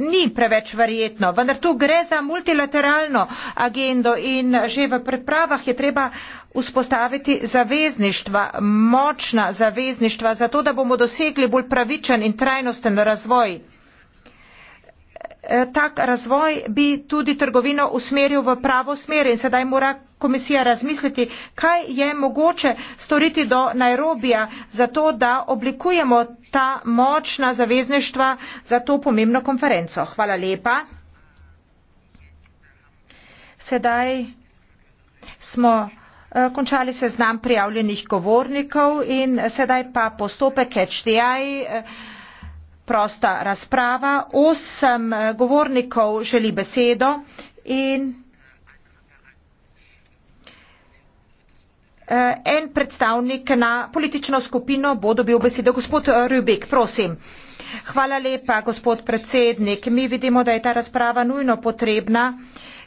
ni preveč verjetno. Vendar tu gre za multilateralno agendo in že v pripravah je treba vzpostaviti zavezništva, močna zavezništva, zato da bomo dosegli bolj pravičen in trajnosten razvoj. E, tak razvoj bi tudi trgovino usmeril v pravo smer in sedaj mora komisija razmisliti, kaj je mogoče storiti do Nairobija za to, da oblikujemo ta močna zavezništva za to pomembno konferenco. Hvala lepa. Sedaj smo eh, končali seznam prijavljenih govornikov in sedaj pa postopek HDI. Eh, prosta razprava. Osem eh, govornikov želi besedo in Eh, en predstavnik na politično skupino bo dobil besedo. Gospod eh, Rubik, prosim. Hvala lepa, gospod predsednik. Mi vidimo, da je ta razprava nujno potrebna.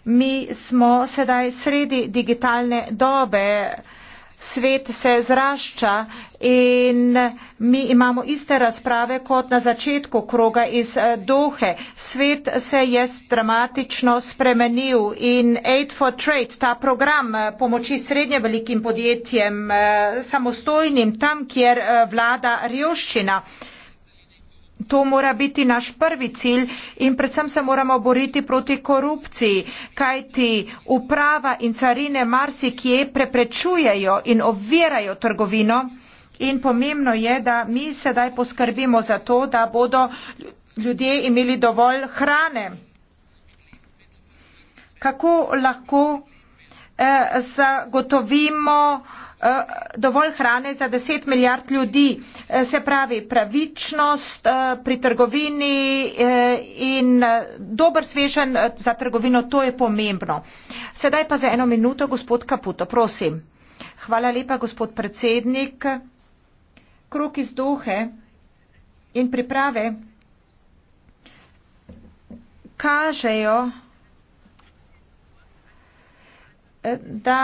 Mi smo sedaj sredi digitalne dobe svet se zrašča in mi imamo iste razprave kot na začetku kroga iz eh, Dohe. Svet se je dramatično spremenil in Aid for Trade, ta program eh, pomoči srednje velikim podjetjem, eh, samostojnim, tam, kjer vlada revščina. To mora biti naš prvi cilj in predvsem se moramo boriti proti korupciji, kajti uprava in carine marsikje preprečujejo in ovirajo trgovino in pomembno je, da mi sedaj poskrbimo za to, da bodo ljudje imeli dovolj hrane. Kako lahko eh, zagotovimo eh, Eh, dovolj hrane za 10 milijard ljudi, eh, se pravi pravičnost eh, pri trgovini in dober svežen za trgovino, to je pomembno. Sedaj pa za eno minuto, gospod Kaputo, prosim. Hvala lepa, gospod predsednik. Krok iz duhe in priprave kažejo, da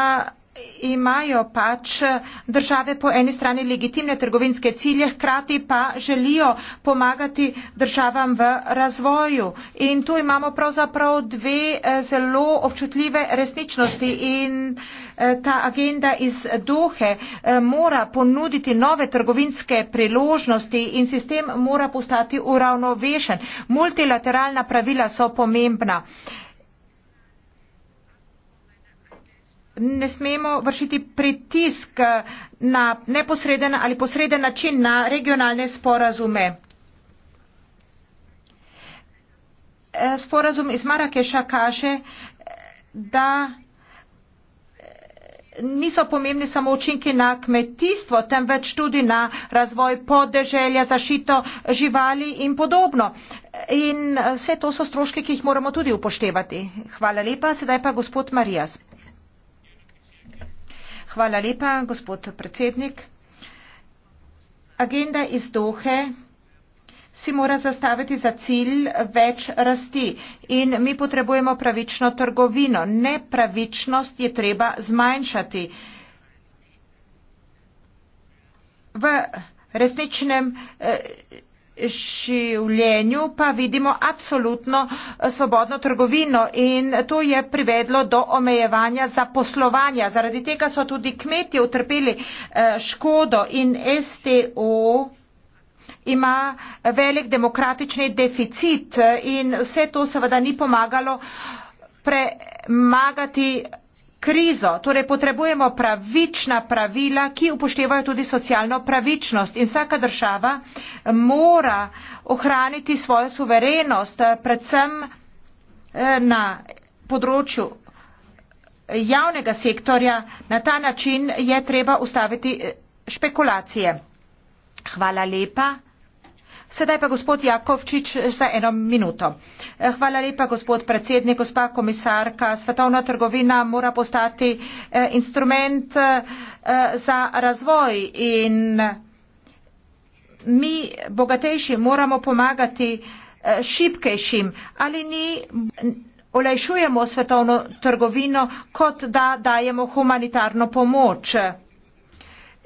imajo pač države po eni strani legitimne trgovinske cilje, hkrati pa želijo pomagati državam v razvoju. In tu imamo pravzaprav dve eh, zelo občutljive resničnosti in eh, ta agenda iz Dohe eh, mora ponuditi nove trgovinske priložnosti in sistem mora postati uravnovešen. Multilateralna pravila so pomembna. ne smemo vršiti pritisk na neposreden ali posreden način na regionalne sporazume. E, sporazum iz Marakeša kaže, da niso pomembni samo učinki na kmetijstvo, temveč tudi na razvoj podeželja, zašito živali in podobno. In e, vse to so stroške, ki jih moramo tudi upoštevati. Hvala lepa. Sedaj pa gospod Marijas. Hvala lepa, gospod predsednik. Agenda iz Dohe si mora zastaviti za cilj več rasti in mi potrebujemo pravično trgovino. Nepravičnost je treba zmanjšati. V resničnem eh, življenju pa vidimo absolutno eh, svobodno trgovino in to je privedlo do omejevanja zaposlovanja. Zaradi tega so tudi kmetje utrpeli eh, škodo in STO ima velik demokratični deficit eh, in vse to seveda ni pomagalo premagati krizo. Torej potrebujemo pravična pravila, ki upoštevajo tudi socialno pravičnost. In vsaka država mora ohraniti svojo suverenost, predvsem eh, na področju javnega sektorja. Na ta način je treba ustaviti eh, špekulacije. Hvala lepa. Sedaj pa gospod Jakovčič za eno minuto. Hvala lepa, gospod predsednik, gospa komisarka. Svetovna trgovina mora postati eh, instrument eh, za razvoj in mi bogatejši moramo pomagati eh, šipkejšim. Ali ni olajšujemo svetovno trgovino, kot da dajemo humanitarno pomoč?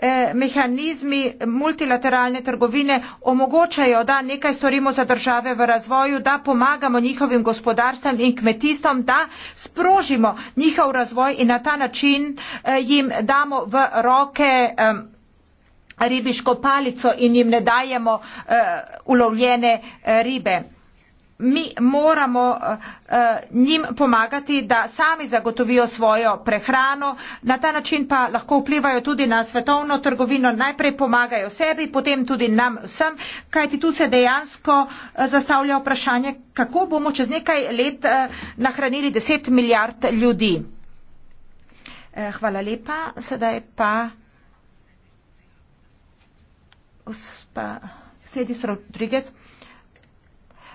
Eh, mehanizmi multilateralne trgovine omogočajo, da nekaj storimo za države v razvoju, da pomagamo njihovim gospodarstvam in kmetijstvom, da sprožimo njihov razvoj in na ta način eh, jim damo v roke eh, ribiško palico in jim ne dajemo ulovljene ribe mi moramo eh, eh, njim pomagati, da sami zagotovijo svojo prehrano, na ta način pa lahko vplivajo tudi na svetovno trgovino, najprej pomagajo sebi, potem tudi nam vsem, kajti tu se dejansko eh, zastavlja vprašanje, kako bomo čez nekaj let nahranili 10 milijard ljudi. Hvala lepa, sedaj pa. Gospa Sedis Rodriguez.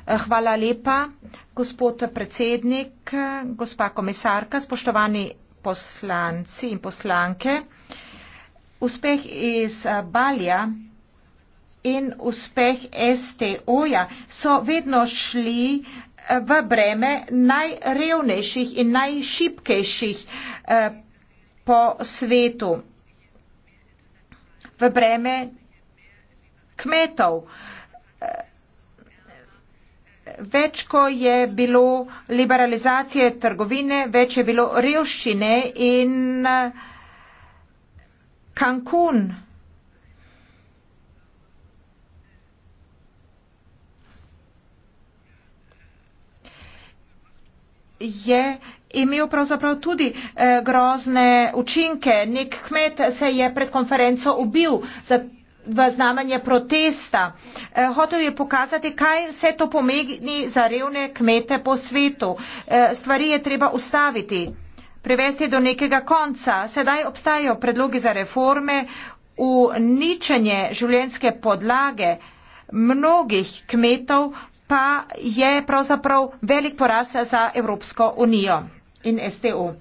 Eh, hvala lepa, gospod predsednik, gospa komisarka, spoštovani poslanci in poslanke. Uspeh iz eh, Balja in uspeh STO-ja so vedno šli eh, v breme najrevnejših in najšipkejših po svetu, v breme kmetov več, ko je bilo liberalizacije trgovine, več je bilo revščine in Cancun. je imel pravzaprav tudi eh, grozne učinke. Nek kmet se je pred konferenco ubil, zato zaznavanje protesta. E, hotel je pokazati, kaj vse to pomeni za revne kmete po svetu. E, stvari je treba ustaviti, prevesti do nekega konca. Sedaj obstajajo predlogi za reforme v ničenje življenske podlage mnogih kmetov, pa je pravzaprav velik poraz za Evropsko unijo in STO.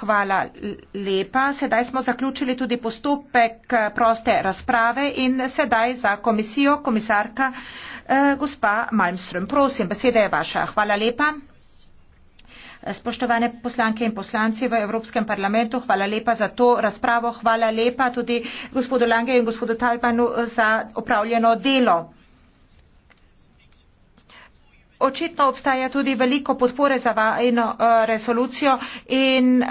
Hvala lepa. Sedaj smo zaključili tudi postopek eh, proste razprave in sedaj za komisijo komisarka eh, gospa Malmström. Prosim, beseda je vaša. Hvala lepa. Spoštovane poslanke in poslanci v Evropskem parlamentu, hvala lepa za to razpravo. Hvala lepa tudi gospodu Lange in gospodu Talpanu za opravljeno delo očitno obstaja tudi veliko podpore za vajno eh, resolucijo in eh,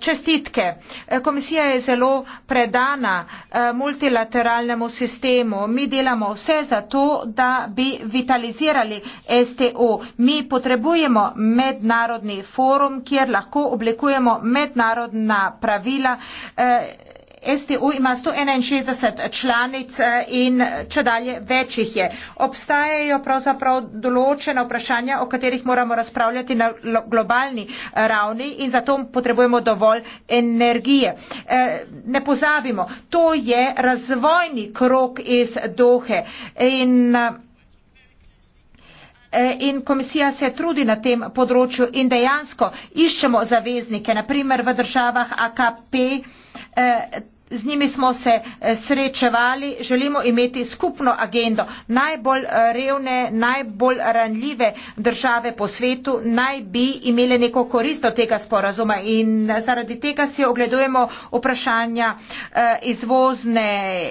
čestitke. Eh, komisija je zelo predana multilateralnemu sistemu. Mi delamo vse za to, da bi vitalizirali STO. Mi potrebujemo mednarodni forum, kjer lahko oblikujemo mednarodna pravila STU ima 161 članic eh, in eh, če dalje večjih je. Obstajajo pravzaprav določena vprašanja, o katerih moramo razpravljati na globalni eh, ravni in zato potrebujemo dovolj energije. Ne pozabimo, to je razvojni krok iz Dohe in in komisija se trudi na tem področju in dejansko iščemo zaveznike, naprimer v državah AKP, z njimi smo se eh, srečevali, želimo imeti skupno agendo. Najbolj eh, revne, najbolj ranljive države po svetu naj bi imele neko korist od tega sporazuma in eh, zaradi tega si ogledujemo vprašanja izvozne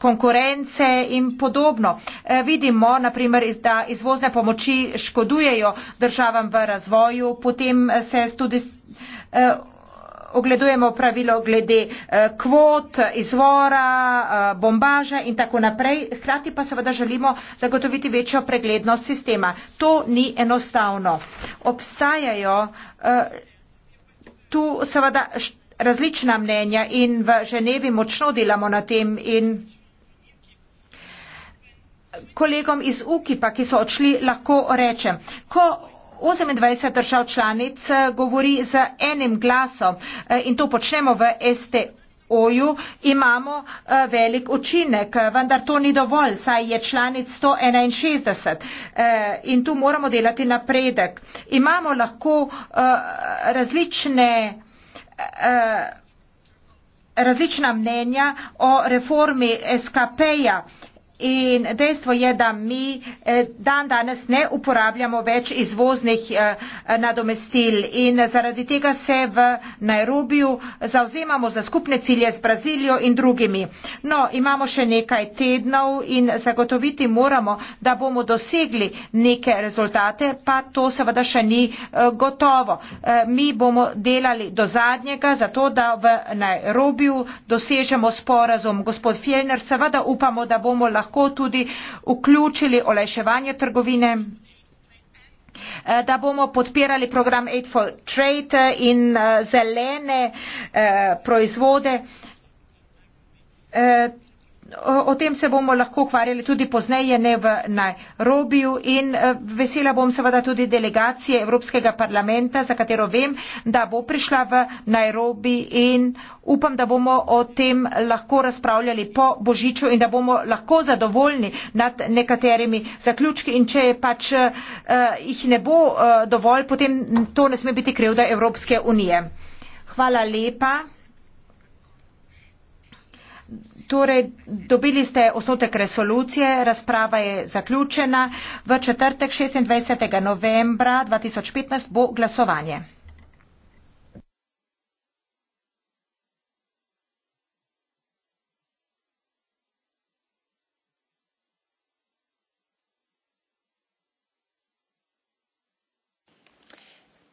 konkurence in podobno. Vidimo, naprimer, da izvozne pomoči škodujejo državam v razvoju, potem se tudi ogledujemo pravilo glede eh, kvot, izvora, eh, bombaže in tako naprej. Hkrati pa seveda želimo zagotoviti večjo preglednost sistema. To ni enostavno. Obstajajo eh, tu seveda različna mnenja in v Ženevi močno delamo na tem in kolegom iz UKIPA, ki so odšli, lahko rečem, ko 28 držav članic eh, govori z enim glasom eh, in to počnemo v STO-ju, imamo eh, velik učinek, vendar to ni dovolj, saj je članic 161 in tu moramo delati napredek. Imamo lahko različne različna mnenja o reformi SKP-ja. In dejstvo je, da mi eh, dan danes ne uporabljamo več izvoznih eh, nadomestil in zaradi tega se v Nairobiju zauzemamo za skupne cilje z Brazilijo in drugimi. No, imamo še nekaj tednov in zagotoviti moramo, da bomo dosegli neke rezultate, pa to seveda še ni eh, gotovo. Mi bomo delali do zadnjega, zato da v Nairobiju dosežemo sporazum. Gospod Fjellner, seveda upamo, da bomo lahko lahko tudi vključili olajševanje trgovine eh, da bomo podpirali program Aid for Trade eh, in eh, zelene proizvode. O tem se bomo lahko ukvarjali tudi pozneje, ne v Nairobiju in eh, vesela bom seveda tudi delegacije Evropskega parlamenta, za katero vem, da bo prišla v Nairobi in upam, da bomo o tem lahko razpravljali po Božiču in da bomo lahko zadovoljni nad nekaterimi zaključki in če pač uh, jih ne bo uh, dovolj, potem to ne sme biti krivda Evropske unije. Hvala lepa. Torej, dobili ste osnutek resolucije, razprava je zaključena. V četrtek 26. novembra 2015 bo glasovanje.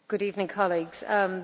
Good evening, colleagues. Um...